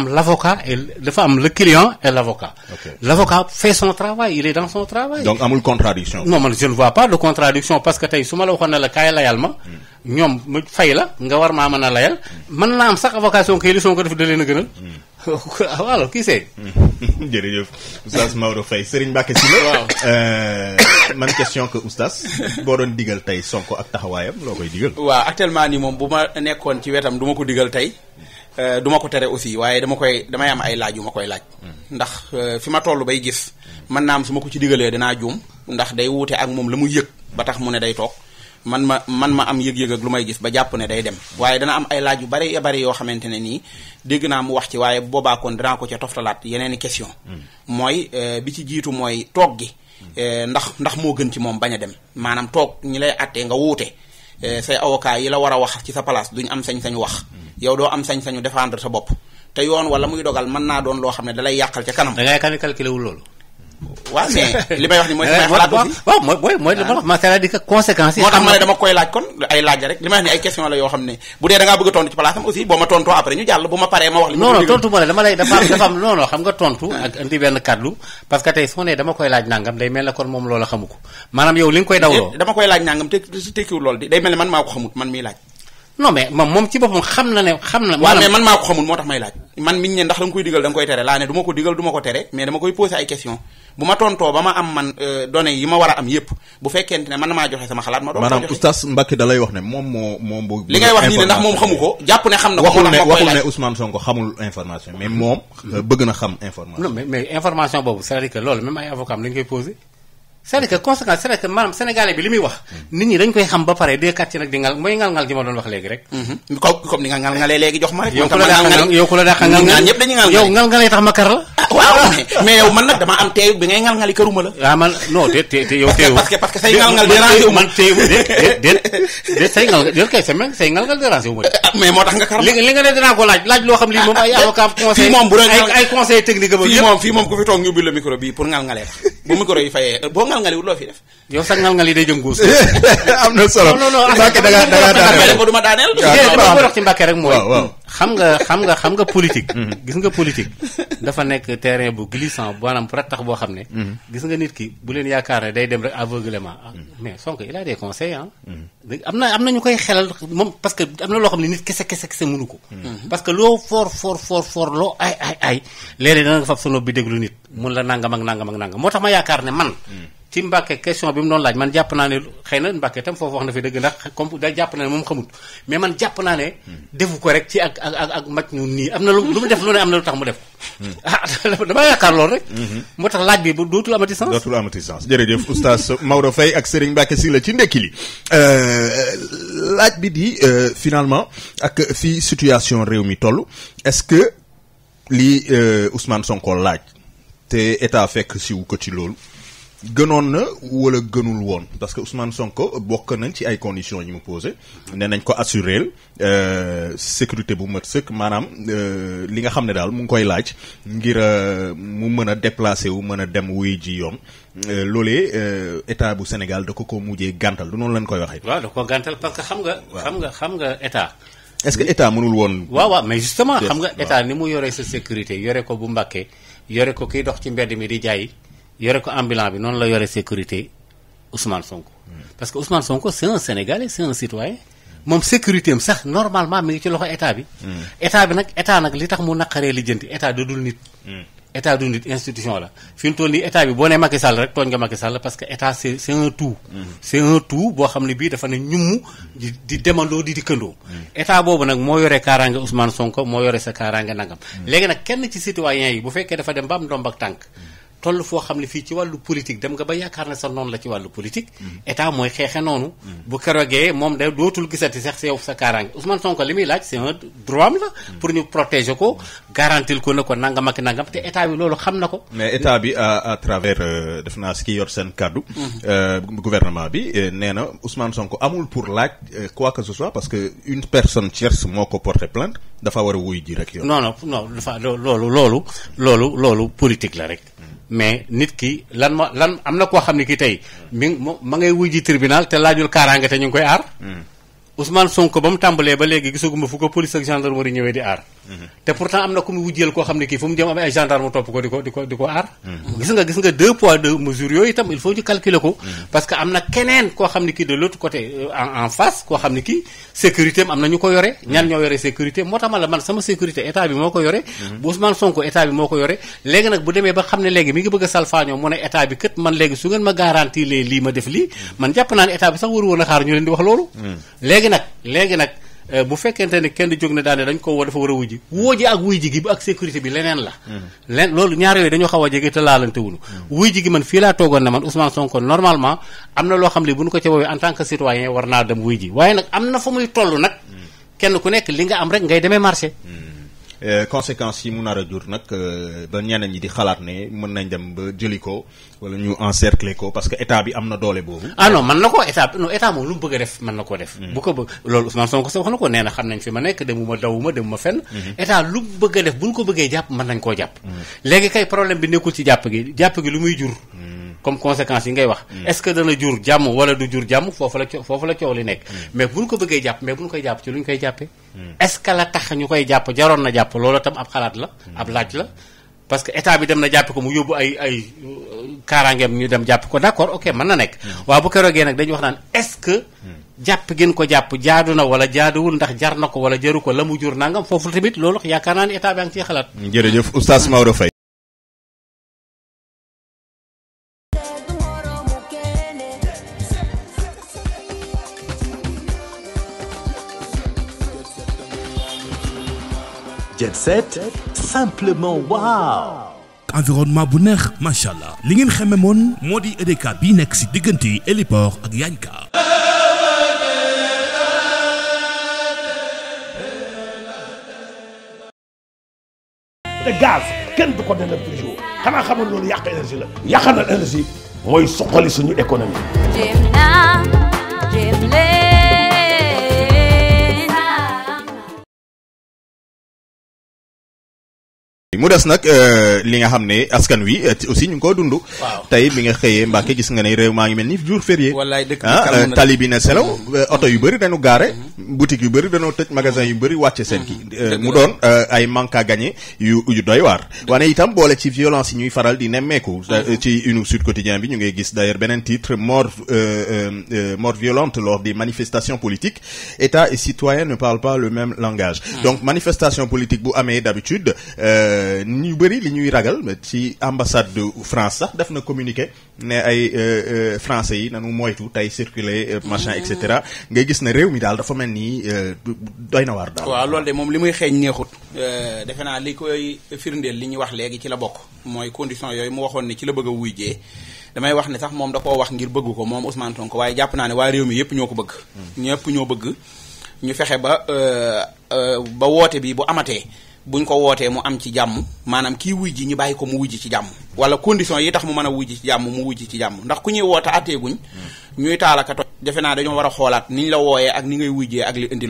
am l' client et l' avocat. l' fait son travail il est dans son travail. donc amul contradiction. non man je ne vois pas de contradiction parce tey su ma la waxoon ne la kaay layal ma. Hmm. ñoom mu fay la nga war maa mën a layal. Hmm. mën naa am sax avocat Sonko yi li Sonko def da leen a gënal. alors qui sait. jërëjëf oustaz Maodo Faye Serigne Mbacke si la. waaw euh, man question que oustaz boo doon digal tey Sonko ak taxawaayam loo koy digal. waaw actuellement nii moom bu ma nekkoon ci wetam duma ko digal tey euh, duma ko tere aussi waaye dama koy damay am ay laaj yu ma koy laaj. Hmm. ndax euh, fi ma toll bay gis. man am su ma ko ci digalee danaa juum ndax day wuute ak moom la mu yëg ba tax mu ne day toog. man ma man ma am yëg-yëg lu may gis ba jàpp ne day dem waaye dana am ay laaj yu bari bari yoo xamante ne nii dégg naa mu wax ci waaye boobaa kon danaa ko ca toftalaat yeneen i question hmm. mooy euh, bi ci jiitu mooy toog gi hmm. euh, ndax ndax moo gën ci moom bañ a dem maanaam toog ñu lay attee nga wuute euh, say avocat yi la war a wax ci sa place duñu am sañ-sañu wax hmm. yow doo am sañ-sañu défendre sa bopp te yoon wala muy dogal man naa doon loo xam ne dalay yàqal ca kanam. da ngay calculer wul loolu. waaw mais li may wax ni mooy samay eh, xalaat aussi waaw mooy mooy mooy li ah. wax ma c'est-à-dire que conséquences yi moo tax ma ne dama koy laaj kon ay laaj rek li may wax ni ay question la yoo xam ne bu dee da ngaa bëgg a tontu ci place am aussi boo ma tontoo après ñu jàll bu ma paree ma wax li non non tontu ma la dama am ah. koy laaj nàngam ko maanaam yow li nga koy dawloo eh, dama koy laaj nàngam te tekkiwul loolu di day mel ne man maa ko xamut man miy laaj non mais moom moom ci boppam xam na ne xam na. mais man maa ko xamul moo tax may laaj. man miñ ne ndax da koy digal da koy tere laa ne du ma ko digal du ma ko tere mais dama koy posé ay question ma tontoo ba ma am man euh, données yi ma a wax ne moom moo moom. ko jàpp ne xam na ko. waxul ne waxul ne Ousmane Sonko xamul information mais moom. Euh, bëgg na xam information. non boobu cest à loolu même ay avocats am koy posé c'est-à-dire que conséquence bi li muy wax nit ñi dañ koy xam ba pare des quartiers nag di ngal mooy ngal-ngal tax ma kar la ah, mais yow man nag dama am teew bi ngay ngal ngali karuma la waaw ah, man non déet déet yow say ngal ngal dérangé kay sa même say ngal ngal dérangé wu ma ah, mais moo tax nga kar li nga ne dinaa ko laaj loo xam lii moom ay avocat conseil moom bu ay conseil technique ba fii moom fii moom ku fi toog ñu bi la micro bi pour ngal ngalee tax bu ngal-ngal yi loo fi def. yow sax ngal-ngal yi day jëm guus. am na solo. non non non Mbacke da ngaa da ngaa daaneel ko du ma daaneel. waaw waaw wax ci Mbacke rek mooy. xam nga xam nga xam nga politique. Mm-hmm. gis nga politique dafa nekk terrain bu glissant maanaam rattax boo xam ne. Mm-hmm. gis nga nit ki bu leen yaakaar ah, mm-hmm. a am na loo xam ne nit kese kese kese mënu ko. parce que loo for for for loo ay ay ay léeg-léeg fab sa nopp déglu nit mun la nangam ak nangam moo tax ma yaakaar ne man. ci Mbàkke question bi mu doon laaj man jàpp naa ne xëy na Mbàkke tam foofu wax na fi dëgg ndax comme da jàpp naa ne moom xamut mais man jàpp naa ne defu ko rek ci ak ak ak ak mag ñu nii am na lu lu mu def lu ne am na lu tax mu def ko hmm. ah dama yaakaar loolu rek hmm. moo tax laaj bi dootul amati sens dootul amati sens jërëjëf oustaz Maodo Faye ak Serigne Mbàkke si la ci ndekki euh, laaj bi di euh, finalement ak fii situation réew mi toll est-ce que lii euh, Ousmane Sonko laaj te état fekk siw ko ci loolu gënoon na wala gënul woon parce que Ousmane Sonko bokk nañ ci ay conditions yi mu posé nee nañ ko assuré euh, sécurité bu mat sëkk maanaam euh, li nga xam ne daal mu ngi koy laaj ngir euh, mu mën a déplacé wu mën a dem wuy ji yoon loolee état bu Sénégal da ko ko mujjee gàntal du noonu koy waxee. waaw da ko gàntal parce que xam nga. xam nga xam nga état. est-ce que état mënul woon. waaw waaw mais justement xam nga état ni mu yore sa sécurité yore ko bu mbakkee yore ko kiy dox ci mbedd mi di jaay. yore ko ambulant bi noonu la yore sécurité Ousmane Sonko. parce que Ousmane Sonko c' est un sénégalais c' est un citoyen moom sécurité sax normalement mi ngi ci loxo état bi. état bi nag état nag li tax mu naqaree lijjanti état da dul nit. état du institution la fi mu toll nii état bi boo nee Macky Sall rek tooñ nga Macky Sall parce que état c' est c' est un tout. c' un tout boo xam ne bii dafa ne ñum di di demandoo di dikkandoo. état boobu nag moo yore kaaraange Ousmane Sonko moo yore sa kaaraange nangam. léegi nag kenn ci yi bu fekkee dafa dem ba am ndomb ak tànk. toll foo xam ne fii ci wàllu politique dem nga ba yaakaar ne sa noonu la ci wàllu politique. état mooy xeexe noonu. Mm-hmm. bu kerogee moom day dootul gisati sax sa yow sa kaaraange Ousmane Sonko li muy laaj c'est un droit am la. Mm-hmm. pour ñu protéger ko garantil ko ne ko nangam nangam te état bi loolu xam na ko. mais état bi à à travers euh, def naa si ki yor seen kàddu. Mm-hmm. Euh, gouvernement bi euh, nee na Ousmane Sonko amul pour laaj quoi que ce soit parce que une personne tierce moo ko porté plainte dafa war a wuy ji rek yow. non non non dafa loolu loolu loolu loolu politique la rek. mais nit ki lan ma lan am na koo xam ne ki tey mi ma ngay wuy ji tribunal te laajul kaaraange te ñu ngi koy aar hmm. Ousmane Sonko ba mu tàmbalee ba léegi gisaguma fu ko police ak gendarmerie ñëwee di aar te pourtant am na ku mu wujjeel koo xam ne kii fu mu jëm am ay gendarme topp ko di ko di ko aar hmm. gis nga gis nga deux poids deux mesures yooyu itam il faut ñu calculer ko hmm. parce que am na keneen koo xam ne kii de l'autre côté euh, en face koo xam ne kii sécurité am na ñu ko yore hmm. ñan ñoo yore sécurité moo tax ma la man sama sécurité état bi moo ko yore bu Ousmane Sonko état bi moo ko yore léegi nag bu demee ba xam ne léegi mi ngi bëgg a salfaañoo mu ne état bi kët man léegi su ngeen ma garantie lii naa ne état bi sax a xaar ñu leen di wax loolu léegi nag Euh, bu fekkente ne kenn jóg ne daane dañ ko woo dafa war a wuy ji woo ji ak wuy ji gi ak sécurité bi leneen la hmm. leen loolu ñaar yooyu dañoo xaw a jege te laalante wuñu hmm. wuy ji gi man fii laa toogoon ne man Ousmane Sonko normalement am na loo xam ne bu ñu ko ca woowee en tan que citoyen war naa dem wuy ji waaye nag am na fa muy toll nag hmm. kenn ku nekk li nga am rek ngay demee marché Euh, conséquences yi mu nar a jur nag euh, ba ñeneen ñi di xalaat ne mën nañ dem ba jëli ko wala ñu encercler ko parce que état bi am na doole boobu. ah man na ko état non état moom lu mu bëgg a def mën na ko def. Hmm. bu ko bëgg loolu Ousmane Sonko na ko nee na xam nañ fi ma nekk demuma dawuma demuma fenn. Hmm. état lu bëgg def bu ko bëggee jàpp mën nañ koo jàpp. Hmm. léegi kay problème bi nekkul ci jàpp gi jàpp gi lu muy jur. comme conséquence yi ngay wax mm. est-ce que dana jur jàmm wala du jur jàmm foofu la foofu la coow li nekk mm. mais bu ñu ko bëggee jàpp mais bu ñu koy jàpp ci lu ñu koy jàppee mm. est la tax bi na jàpp ko mu yóbbu ay ay kaaraangeem ñu jàpp ko ok mën na nekk waaw bu keroogee nag dañuy wax naan est-ce que jàpp ngeen ko jàpp jaadu na wala jaaduwul ndax jar na ko wala jaru ko la mu jur nangam foofu tamit loolu yaakaar naa ne état bi a ngi ciy xalaat jërëjëf oustaz Maodo Jet Set simplement waaw. environnement bu neex macha allah li ngeen xamee moon moo di EDK bii nekk si diggante héliport ak Yanka. te gaz kenn du ko dana toujours xanaa xamoon loolu yàq énergie la yàqanal énergie mooy soqali suñu économie. mu des nag euh, li nga xam ne askan wi euh, aussi ñu ngi ko dund. waaw tey bi nga xëyee Mbàkke gis nga ne réew maa ngi mel ni jour férié. wallaay dëkk bi ah, euh, tali bi na selaw mm-hmm. oto yu bëri dañu gaare. Mm-hmm. boutique yu bëri dañoo tëj magasin yu bëri wàcce seen kii. Mm-hmm. mu doon ay manque à gagner yu yu doy waar. wane itam boole ci violence yi ñuy faral di nemmeeku. ci une Sud Quotidien bi ñu ngi gis d'ailleurs beneen titre mort mort violente lors des manifestations politiques état et citoyen ne parlent pas le même langage. donc manifestation politique bu amee d'habitude. ñu bëri li ñuy ragal ci ambassade du France sax def na communiqué ne ay euh, euh, français yi nanu moytu tey circuler euh, machin et cetera mm-hmm. ngay gis ne réew mi daal dafa mel nii doy na waar daal. waaw loolu de moom li muy xeeñ neexut. defe naa li koy firndeel li ñu wax léegi ci la bokk mooy condition yooyu mu waxoon ni ci la bëgg a wuyjee damay wax ne sax moom da koo wax ngir bëgg ko moom Ousmane Sonko waaye jàpp naa ne waa réew mi yëpp ñoo ko bëgg. Mm. ñëpp ñoo bëgg ñu fexe ba ba woote bi bu buñ ko wootee mu am ci jàmm maanaam kii wuy ji ñu bàyyi ko mu wujj ci jàmm wala condition yi tax mu mën a wuy ji ci jàmm mu wuy ci jàmm ndax ku ñuy woote atteeguñ ñuy taalaka toj defe naa dañoo war a xoolaat niñ la wooyee ak ni ngay wujjee ak li indi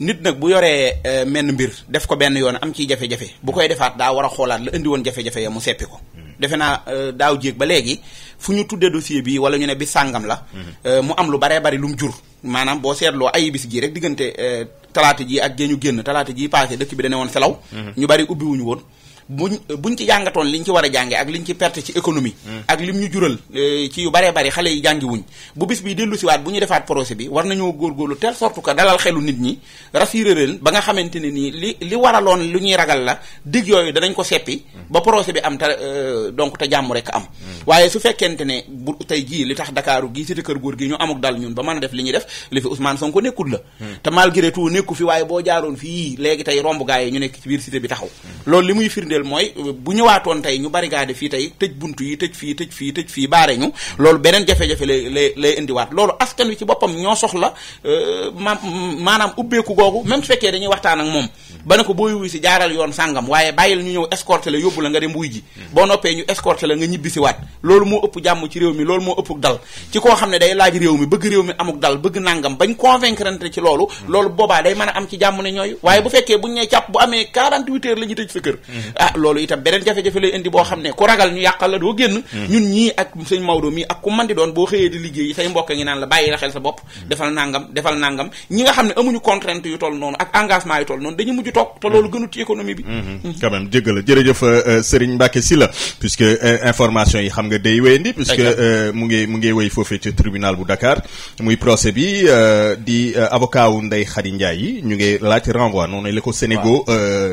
nit nag bu yoree eh, menn mbir def ko benn yoon am ciy jafe-jafe bu koy defaat daa war a xoolaat la indi woon jafe mu seppi ko defe naa eh, daaw jéeg ba léegi fu ñu tuddee dossier bi wala ñu ne bi sàngam la mm-hmm. eh, mu am lu baree bari lu mu jur maanaam boo seetloo ayibis gii rek diggante eh, talaata ji ak géeñu génn talaata ji passé dëkk bi dane woon selaw mhm. ñu bari ubbiwuñu woon buñ buñ ci jàngatoon ñu ci war a jànge ak liñ ci perte ci économie mm. ak lim ñu jural eh, ci yu baree bari xale yi jàngi wuñ bu bis bi dellu siwaat bu ñu defaat projet bi war nañoo góorgóorlu telle sorte que dalal xelu nit ñi rassurer leen ba nga xamante ne nii li li waraloon lu ñuy ragal la dig yooyu danañ ko seppi mm. ba projet bi am te eh, donc te jàmm rek am mm. waaye su fekkente ne bu tey jii li tax Dakaaru gii cité kër góor gi ñu amuk dal ñun ba mën a def li ñuy def li fi Ousmane Sonko nekkul la te malgré tout nekku fi waaye boo jaaroon fii léegi tey yi ñu nekk ci biir cité bi taxaw firndeel mooy bu ñëwaatoon tey ñu barricade fii tey tëj buntu yi tëj fii tëj fii tëj fii baare ñu loolu beneen jafe-jafe lay lay lay indiwaat loolu askan wi ci boppam ñoo soxla euh, ma maanaam ubbeeku googu même su fekkee dañuy waxtaan ak moom ba ne ko booy wuy si jaaral yoon sàngam waaye bàyyil ñu ñëw escorté la yóbbu la nga dem wuy hmm. boo noppee ñu escorté la nga ñibbi si waat loolu moo ëpp jàmm ci réew mi loolu moo ëpp dal ci koo xam ne day laaj réew mi bëgg réew mi amuk dal bëgg nàngam bañ convaincre ci loolu hmm. loolu boobaa day mën a am ci jàmm ne ñooyu waaye bu fekkee buñ ne càpp bu amee 48 heures la ñu tëj sa kër hmm. ah, Ah, loolu itam beneen jafe-jafe lay indi boo xam ne ku ragal ñu yàqal la doo génn hmm. ñun ñii ak sëñ Maodo mii ak ku man di doon boo xëyee di liggéey say mbokk ngi naan la bàyyi la xel sa bopp hmm. defal nangam defal nangam ñi nga xam ne amuñu contrainte yu toll noonu ak engagement yu toll noonu dañu mujj toog te hmm. loolu gënut ci économie bi quand même jégg la jërëjëf euh, euh, Serigne Mbacke Sylla puisque euh, information yi xam nga day wéyandi puisque mu ngi mu ngi wéy foofee ci tribunal bu Dakar muy procès bi di avocat wu Ndeye Khady Ndiaye yi ñu ngi laaj renvoi noonu la ko Sénégal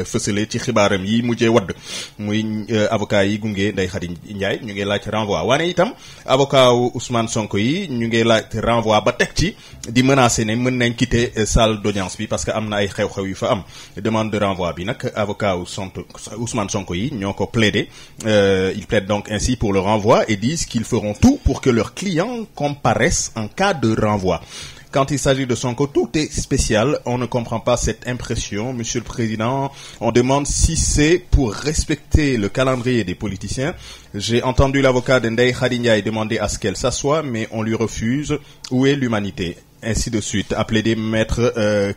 fësale ci xibaaram yi mujjee Wade muy euh, avocat yi gunge Ndeye Khady Ndiaye ñu ngi laaj renvoi waane itam avocat wu Ousmane Sonko yi ñu ngi laaj renvoi ba teg ci di menacer ne mën nañ quitter euh, salle d'audience bi parce que am na ay xew-xew yu fa am demande de bi nag avocat wu sont Ousmane Sonko yi ñoo ko plaider euh, ils plaident donc ainsi pour le renvoi et disent qu'ils feront tout pour que leurs clients comparaissent en cas de renvoi Quand il s'agit de Sonko, tout est spécial. On ne comprend pas cette impression. Monsieur le Président, on demande si c'est pour respecter le calendrier des politiciens. J'ai entendu l'avocat de Ndeye Khady Ndiaye demander à ce qu'elle s'assoie, mais on lui refuse. Où est l'humanité? ainsi de suite appelé maître euh,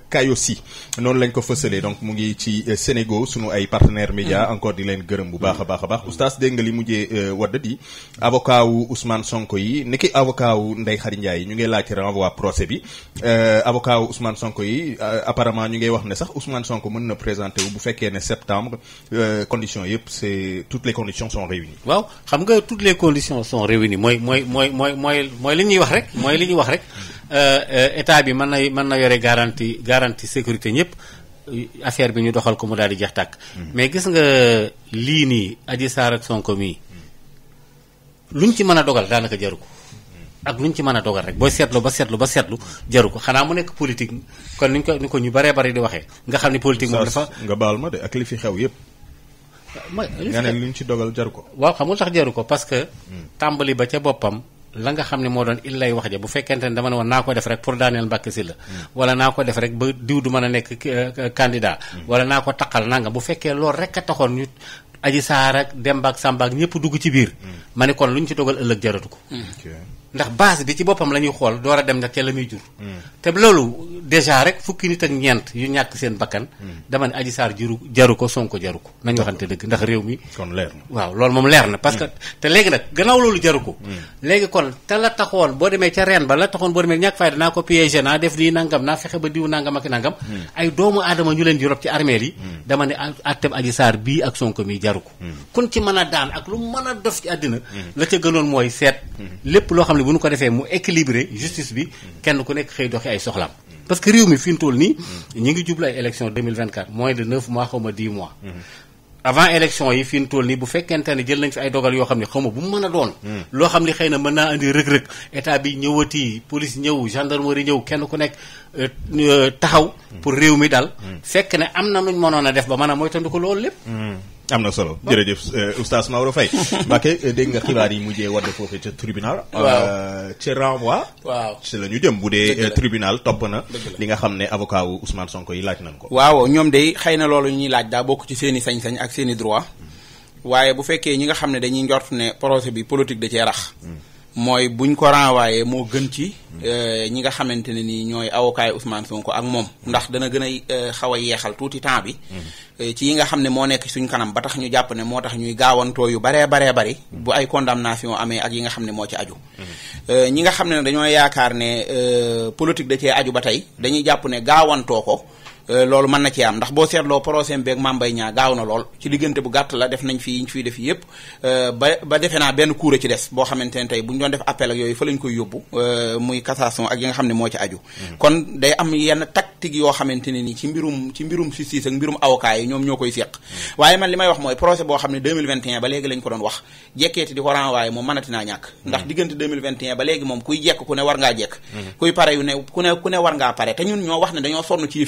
noonu lañ ko fësalee donc mu ngi ci euh, Sénégal sunu ay partenaires média mm-hmm. encore di leen gërëm bu baax a baax a baax oustaz dégg nga li mujjee euh, wadd di avocat wu Ousmane Sonko yi niki avocat wu Ndeye Khady Ndiaye ñu ngi laaj renvoi procès bi avocat wu Ousmane Sonko yi apparemment ñu ngay wax ne sax Ousmane Sonko mën na présenté bu fekkee ne septembre condition yëpp c'est toutes les conditions sont réunies. waaw xam nga toutes les conditions sont réunies mooy mooy mooy li ñuy wax rek mooy li ñuy wax rek. Euh, euh, état bi mën na mën na yore garantie garanti sécurité ñëpp affaire bi ñu doxal ko mu daal di jeex tàkk. Mm-hmm. mais gis nga lii nii aji Sarr ak Sonko mii luñ ci mën a dogal daanaka jaru ko mm-hmm. ak luñ ci mën a dogal rek booy seetlu ba seetlu ba seetlu jaru ko xanaa mu nekk politique kon ni ko ni ko ñu baree bari di waxee nga xam ni politique moom dafa nga baal ma de ak li fi xew yëpp. nga ne luñ ci dogal jaru ko. waaw xam tax jaru ko parce que. Mm. tàmbali ba ca boppam. la nga xam ne moo doon illay wax ja bu fekkente ne dama ne woon naa ko def rek pour Daniel Mbacké Sylla wala naa ko def rek ba diw du mën a nekk euh, euh, candidat wala naa ko taqal nanga bu fekkee loolu rek a taxoon ñu aji saar ak dembaak sàmbaak ñëpp dugg ci biir ma ne kon lu ñu ci dogal ëllëg jaratu ko ndax base bi ci boppam la xool door a dem nag ca la muy jur. te loolu déjà rek fukki nit ak ñeent yu ñàkk seen bakkan. dama ne Adji Sarr jaru jaru ko Sonko jaru ko nañu waxante dëgg ndax réew mi. waaw loolu moom leer na parce te léegi nag gannaaw loolu jaru ko. Hmm. léegi kon te la taxoon boo demee ca reen ba la taxoon boo demee ñàkk fay danaa ko piégé naa def lii nangam naa fexe ba diw nangam ak nangam. Hmm. ay doomu aadama ñu leen di ci armeel hmm. a a def bu ñu ko defee mu équilibré justice bi kenn ku nekk xëy doxi ay soxlaam parce que réew mi fi ñu toll nii ñi ngi jublu ay élection 2024 moins de 9 mois xaw ma 10 mois avant élection yi fi ñu toll nii bu fekkente ne jël nañ fi ay dogal yoo xam ni xaw ma bu mu mën a doon loo xam ne xëy na mën naa andi rëg-rëg état bi ñëwati police ñëw gendarmerie ñëw kenn ku nekk euh, euh, taxaw pour réew mi dal fekk ne am na nuñ mënoon a def ba mën a moytandiku loolu lépp am na solo jërëjëf euh, oustaz Maodo Faye Mbacké euh, dégg nga xibaar yi mujjee wadd foofu ca tribunal euh, ca renvoi waaw ci la ñu jëm bu dee tribunal topp na li nga xam ne avocat wu Ousmane Sonko yi laaj nañ ko waaw ñoom de xëy na loolu ñuy laaj daa bokk ci seen i sañ-sañ ak seen i droit hmm. waaye bu fekkee ñi nga xam ne dañuy njort ne projet bi politique da cee rax hmm. mooy buñ ko renvoyé moo gën ci euh, ñi nga xamante ne nii ñooy avocat Ousmane Sonko ak moom ndax dana gën a euh, xaw a yeexal tuuti temps bi mm-hmm. euh, ci yi nga xam ne moo nekk suñ kanam ba tax ñu jàpp ne moo tax ñuy gaawantoo yu baree baree bari mm-hmm. bu ay condamnation amee ak yi nga xam ne moo ci aju mm-hmm. ñi nga xam ne nag dañoo yaakaar ne politique da cee aju ba tey dañuy jàpp ne gaawantoo ko Euh, loolu mën na ci am ndax boo seetloo procès beeg Mame Mbaye Niang gaaw na lool ci diggante bu gàtt la def nañ fi yi ñu def yëpp euh, ba ba defe naa benn kuur a ci des boo xamante ne tey bu ñu doon def appel ak yooyu fa lañ koy yóbbu euh, muy cassation ak yi nga xam ne moo ci aju mm-hmm. kon day am yenn tactique yoo xamante ne nii ci mbirum ci mbirum justice ak mbirum avocat yi koy seq mm-hmm. waaye man li may wax mooy procès boo xam ne 2021 ba léegi lañ ko doon wax jekkeeti di ko renvoyé moom mënati naa ñàkk mm-hmm. ndax diggante 2021 ba léegi moom kuy jekk ku ne war ngaa jekk kuy pare yu ne ñun ñoo wax ne dañoo sonn ci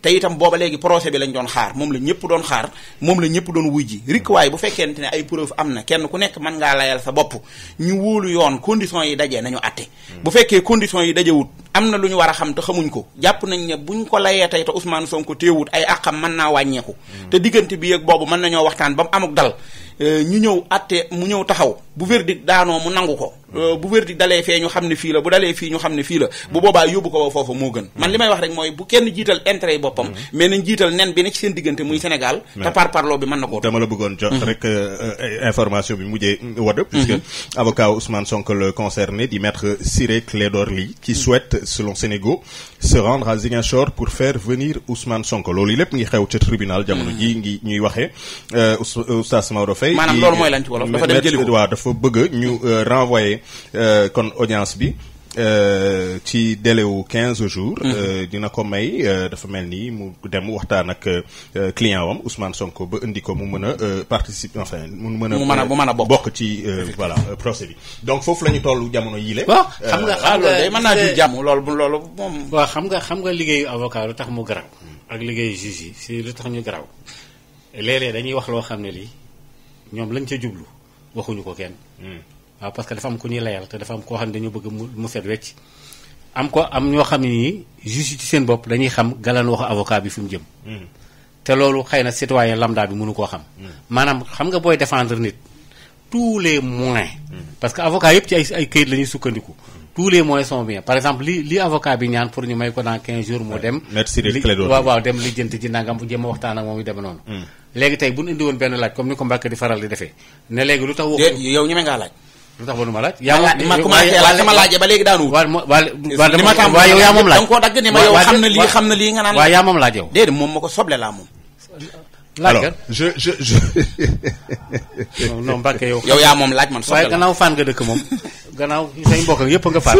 te itam booba léegi procès bi lañ doon xaar moom la ñëpp doon xaar moom la ñëpp doon wuj ji rik waaye bu fekkente ne ay preuve am na kenn ku nekk mën ngaa layal sa bopp ñu wóolu yoon condition yi dajee nañu atte hmm. bu fekkee condition yi dajewut am na lu ñu war a xam te xamuñ ko jàpp nañ ne buñ ko layee tey te Ousmane Sonko téewut ay àqam man naa wàññeeku hmm. te diggante bi ak boobu mën nañoo waxtaan ba mu amuk dal euh, ñu ñëw atte mu ñëw taxaw bu verdict daanoo mu nangu ko euh, bu verdict dalee fee ñu xam ne fii la bu dalee fii ñu xam ne fii la bu boobaa yóbbu ko ba foofu moo gën man li may wax rek mooy bu kenn jiital intérêt yi boppam mm-hmm. mais nañ jiital nen bi ne ci seen diggante muy Sénégal te par parloo bi mën na ko dama la bëggoon jox mm-hmm. rek euh, euh, information bi mujjee wadd mm-hmm. puisque avocat Ousmane Sonko le concerné di maître Ciré Clédor Ly qui souhaite selon Sénégo se rendre à Ziguinchor pour faire venir loolu yi ngi xew ca jamono ji ngi ñuy waxee oustaz Maodo Faye maanaam loolu mooy lan foo bëgg ñu euh, renvoyer euh, kon audience bi euh, ci délai wu quinze jours. Mhm. dina ko may dafa mel nii mu dem waxtaan ak client wam Ousmane Sonko ba indi ko mu mën a participer mu mën a. mën a mu mën a bokk ci voilà procès bi. donc foofu la ñu toll jamono yii la. waaw xam nga xam nga ah, mën moom. waaw xam xam nga liggéeyu avocat lu tax mu garaaw. ak liggéeyu juge yi si lu tax ñu garaaw léeg-léeg dañuy wax loo xam ne lii ñoom lañ ca jublu. waxuñu ko kenn. Hmm. waaw parce que dafa am ku ñuy layal te dafa am koo xam ne dañu bëgg mu set wecc am ko am ñoo xam ne nii juste ci seen bopp dañuy xam galan waxu avocat bi fi jëm. Hmm. te loolu xëy na citoyen lambda bi mënu koo xam. Hmm. maanaam xam nga booy défendre nit tous les moyens. parce avocat yëpp ci ay këyit la ñuy sukkandiku. tous les moyens sont bien par exemple li li avocat bi ñaan pour ñu may ko dans 15 jours mu dem waaw waaw dem li jënt ji nangam bu a waxtaan ak moom yu demee noonu hmm. léegi tey bu ñu indi benn laaj comme ni ko Mbàkke di faral di defee ne léegi lu tax wax yow ñeme ngaa laaj lu tax wonu ma laaj yaa ma laajee ba léegi daanu waa waa yow yaa moom laaj da nga koo dagg ne ma yow xam na lii xam na lii nga naan waaw yaa moom laaj moom ma ko soble laaj alors je je je. non non Mbacke yow. yow yaa moom laaj man soxla waaye gannaaw fan nga dëkk moom. gannaaw say mbokk ak yëpp nga fan.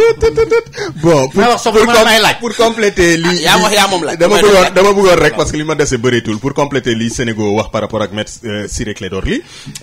bon pour wax soxla man may laaj. pour compléter ah, lii yaa wax yaa moom laaj. dama bëggoon dama bëggoon rek parce que li ma dese bëreetul pour compléter lii Sénégal wax par rapport ak maître euh, Ciré Clédor Ly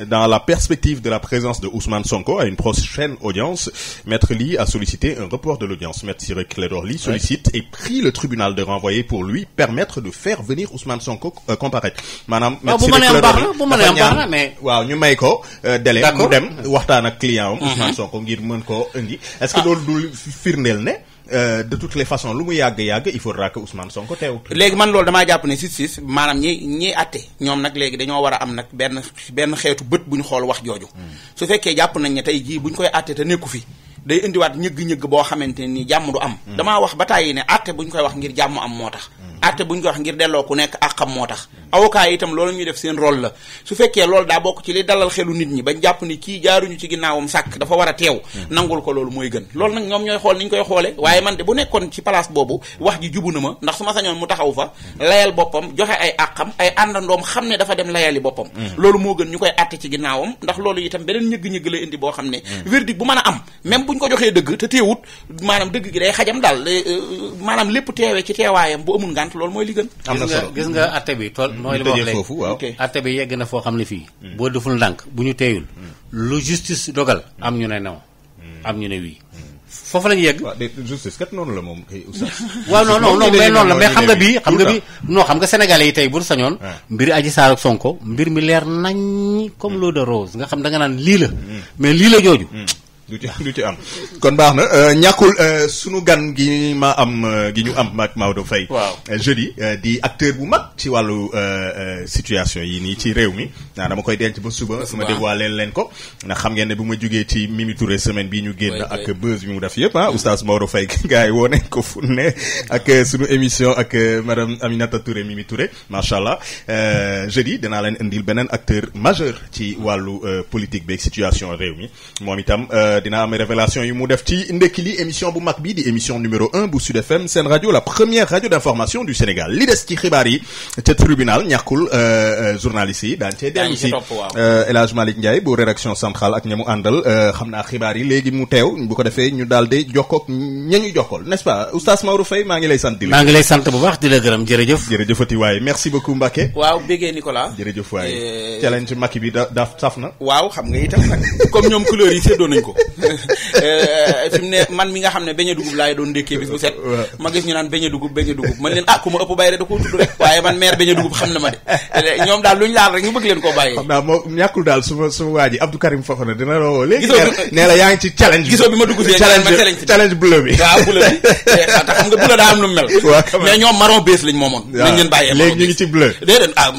dans la perspective de la présence de Ousmane Sonko à une prochaine audience maître Ly a sollicité un report de l'audience maître Ciré Clédor Ly sollicite et prie le tribunal de renvoyer pour lui permettre de faire venir Ousmane Sonko euh, comparaître. maanaam. Oh, bu mënee am baax na bu mënee am waaw ñu may ko euh, délai. mu dem waxtaan ak client am. Mhm. ngir mën koo indi. est-ce que ah. loolu ne. Euh, de toutes les façons lu mu yàgg-yàgg il faudra que Ousmane Sonko teew. léegi man loolu damaa jàpp ne justice maanaam ñi ñiy àtte ñoom nag léegi dañoo war a am nag benn benn xeetu bët bu ñu xool wax jooju. Hmm. su fekkee jàpp nañ ne tey jii bu ñu koy àtte te nekku fi. day indiwaat ñëg ñëg boo xamante nii jàmm du am. Hmm. damaa wax ba tàyyi ne àtte bu ñu koy wax ngir jàmm am moo tax. Hmm. atte buñ ko wax ngir delloo ku nekk ak xam moo tax avocat yi itam loolu ñuy def seen role la su fekkee loolu daa bokk ci li dalal xelu nit ñi bañ jàpp ni kii jaaruñu ci ginnaawam sàkk dafa war a teew hmm. nangul ko loolu mooy gën loolu nag ñoom ñooy xool ni ñu koy xoole waaye man de bu nekkoon ci place boobu wax ji jubu na ma ndax mu taxaw fa layal boppam joxe ay àqam ay àndandoom xam ne dafa dem layali boppam hmm. loolu moo gën ñu koy atte ci ginnaawam ndax loolu itam beneen ñëgg-ñëgg la indi boo xam ne hmm. verdict bu mën a am même buñ ko joxee dëgg te teewut maanaam dëgg gi day xajam daal euh, maanaam lépp teewee ci teewaayam bu amul ngaan sant loolu mooy li na gis nga gis bi tool mooy li ma wax léegi atte bi yegg na foo xam ne fii. Hmm. boo deful ndànk bu ñu teeyul. Hmm. lu justice dogal hmm. am ñu ne non am ñu ne wii. foofu la ñu yegg. waaw justice noonu la moom kay oustaz. waaw non non noonu la mais xam nga bii xam nga bii non xam nga sénégalais yi tey bu sañoon. Ah. mbir aji saar ak sonko mbir mi leer nañ comme l'eau de rose nga xam danga naan lii la. mais lii la jooju. du ci ci am kon baax na euh, ñàkkul euh, sunu gan gi ma am euh, gi ñu am ak Maodo Faye waaw jeudi di acteur bu mag ci wàllu situation yi nii ci réew mi naa dama koy denc ba suba su ma dévoilé leen ko ndax xam ngeen ne bu ma jógee ci Mimi Touré semaine bi ñu génn ak buzz bi mu def yëpp ah oustaz Maodo Faye gars yi woo nañ ko fu ne ak sunu émission ak madame Aminata ture Mimi Touré macha allah jeudi danaa leen indil beneen acteur majeur ci wàllu politique beeg situation réew mi dina am révélation yi mu def ci ndekki li émission bu mag bi di émission numéro un bu Sud FM seen rajo la première rajo d'information du Sénégal li des ci xibaar yi ca tribunal ñàkkul euh, euh, journaliste yi daan cee dellu si euh, El Hadj Malick Ndiaye bu rédaction centrale ak ña mu àndal xam naa xibaar yi léegi mu teew bu ko defee ñu daal di jokkook ña ñu jokkool n'est-ce pas oustaz Maodo Faye maa ngi lay sant di la maa ngi lay sant bu baax di la gërëm jërëjëf jërëjëfati waaye merci beaucoup Mbacké waaw béggee Nicolas jërëjëf waaye challenge Macky bi da daf saf na waaw xam nga comme ñoom couleur yi nañ ko Eh, fi mu ne man mi nga xam ne beñe dugub laay doon ndékkee bis bu set ma gis ñu naan beñe dugub beñe dugub man leen ah ku ma ëpp bàyyi da koo tudd rek waaye man maire beñe dugub xam na ma de eh, ñoom daal lu ñu rek ñu bëgg leen koo bàyyi xam naa moo ñàkkul daal suma suma waa ji Abdou Karim Fofana dina la yaa ngi ci challenge gisoo bi ma dugg si challenge challenge bleu bi waaw bleu bi te eh, ah, am lu mel mais ñoom marron bees lañ moomoon nañ leen bàyyi léegi ñu ngi ci bleu déedéet ah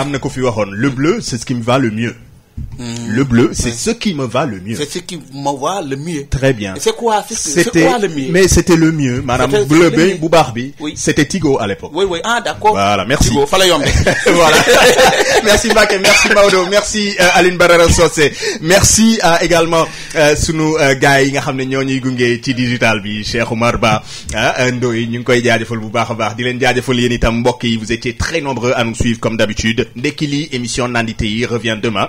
am na ko fi waxoon le bleu c'est ce qui me va le mieux Mmh. Le bleu, c'est mmh. ce qui me va le mieux. C'est ce qui me va le Très bien. Mais c'était le mieux, madame bleu bi baax bi. Oui. C'était Tigo à l'époque. Oui oui, ah d'accord. Voilà, merci. Tigo la yombe. voilà. merci Mbacké, merci Maodo, merci euh, Aline Barara Socé. Merci euh, également euh, sunu euh, gars yi nga xam ne ñoo ñuy gunge ci digital bi Cheikh Oumar Ba, ah, euh, Ndoye ñu ngi koy jaajëfal bu baax a baax di leen jaajëfal yéen itam mbokk yi vous étiez très nombreux à nous suivre comme d'habitude. Ndekili émission nandité revient demain.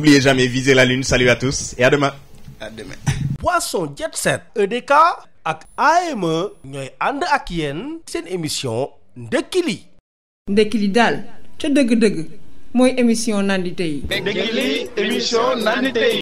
N'oubliez jamais, visez la lune. Salut à tous et à demain. À demain. E e ànd ak yéen seen émission ndekki li ndekki li daal ca dëgg-dëgg mooy émission nandite yi ndekki li émission nandite yi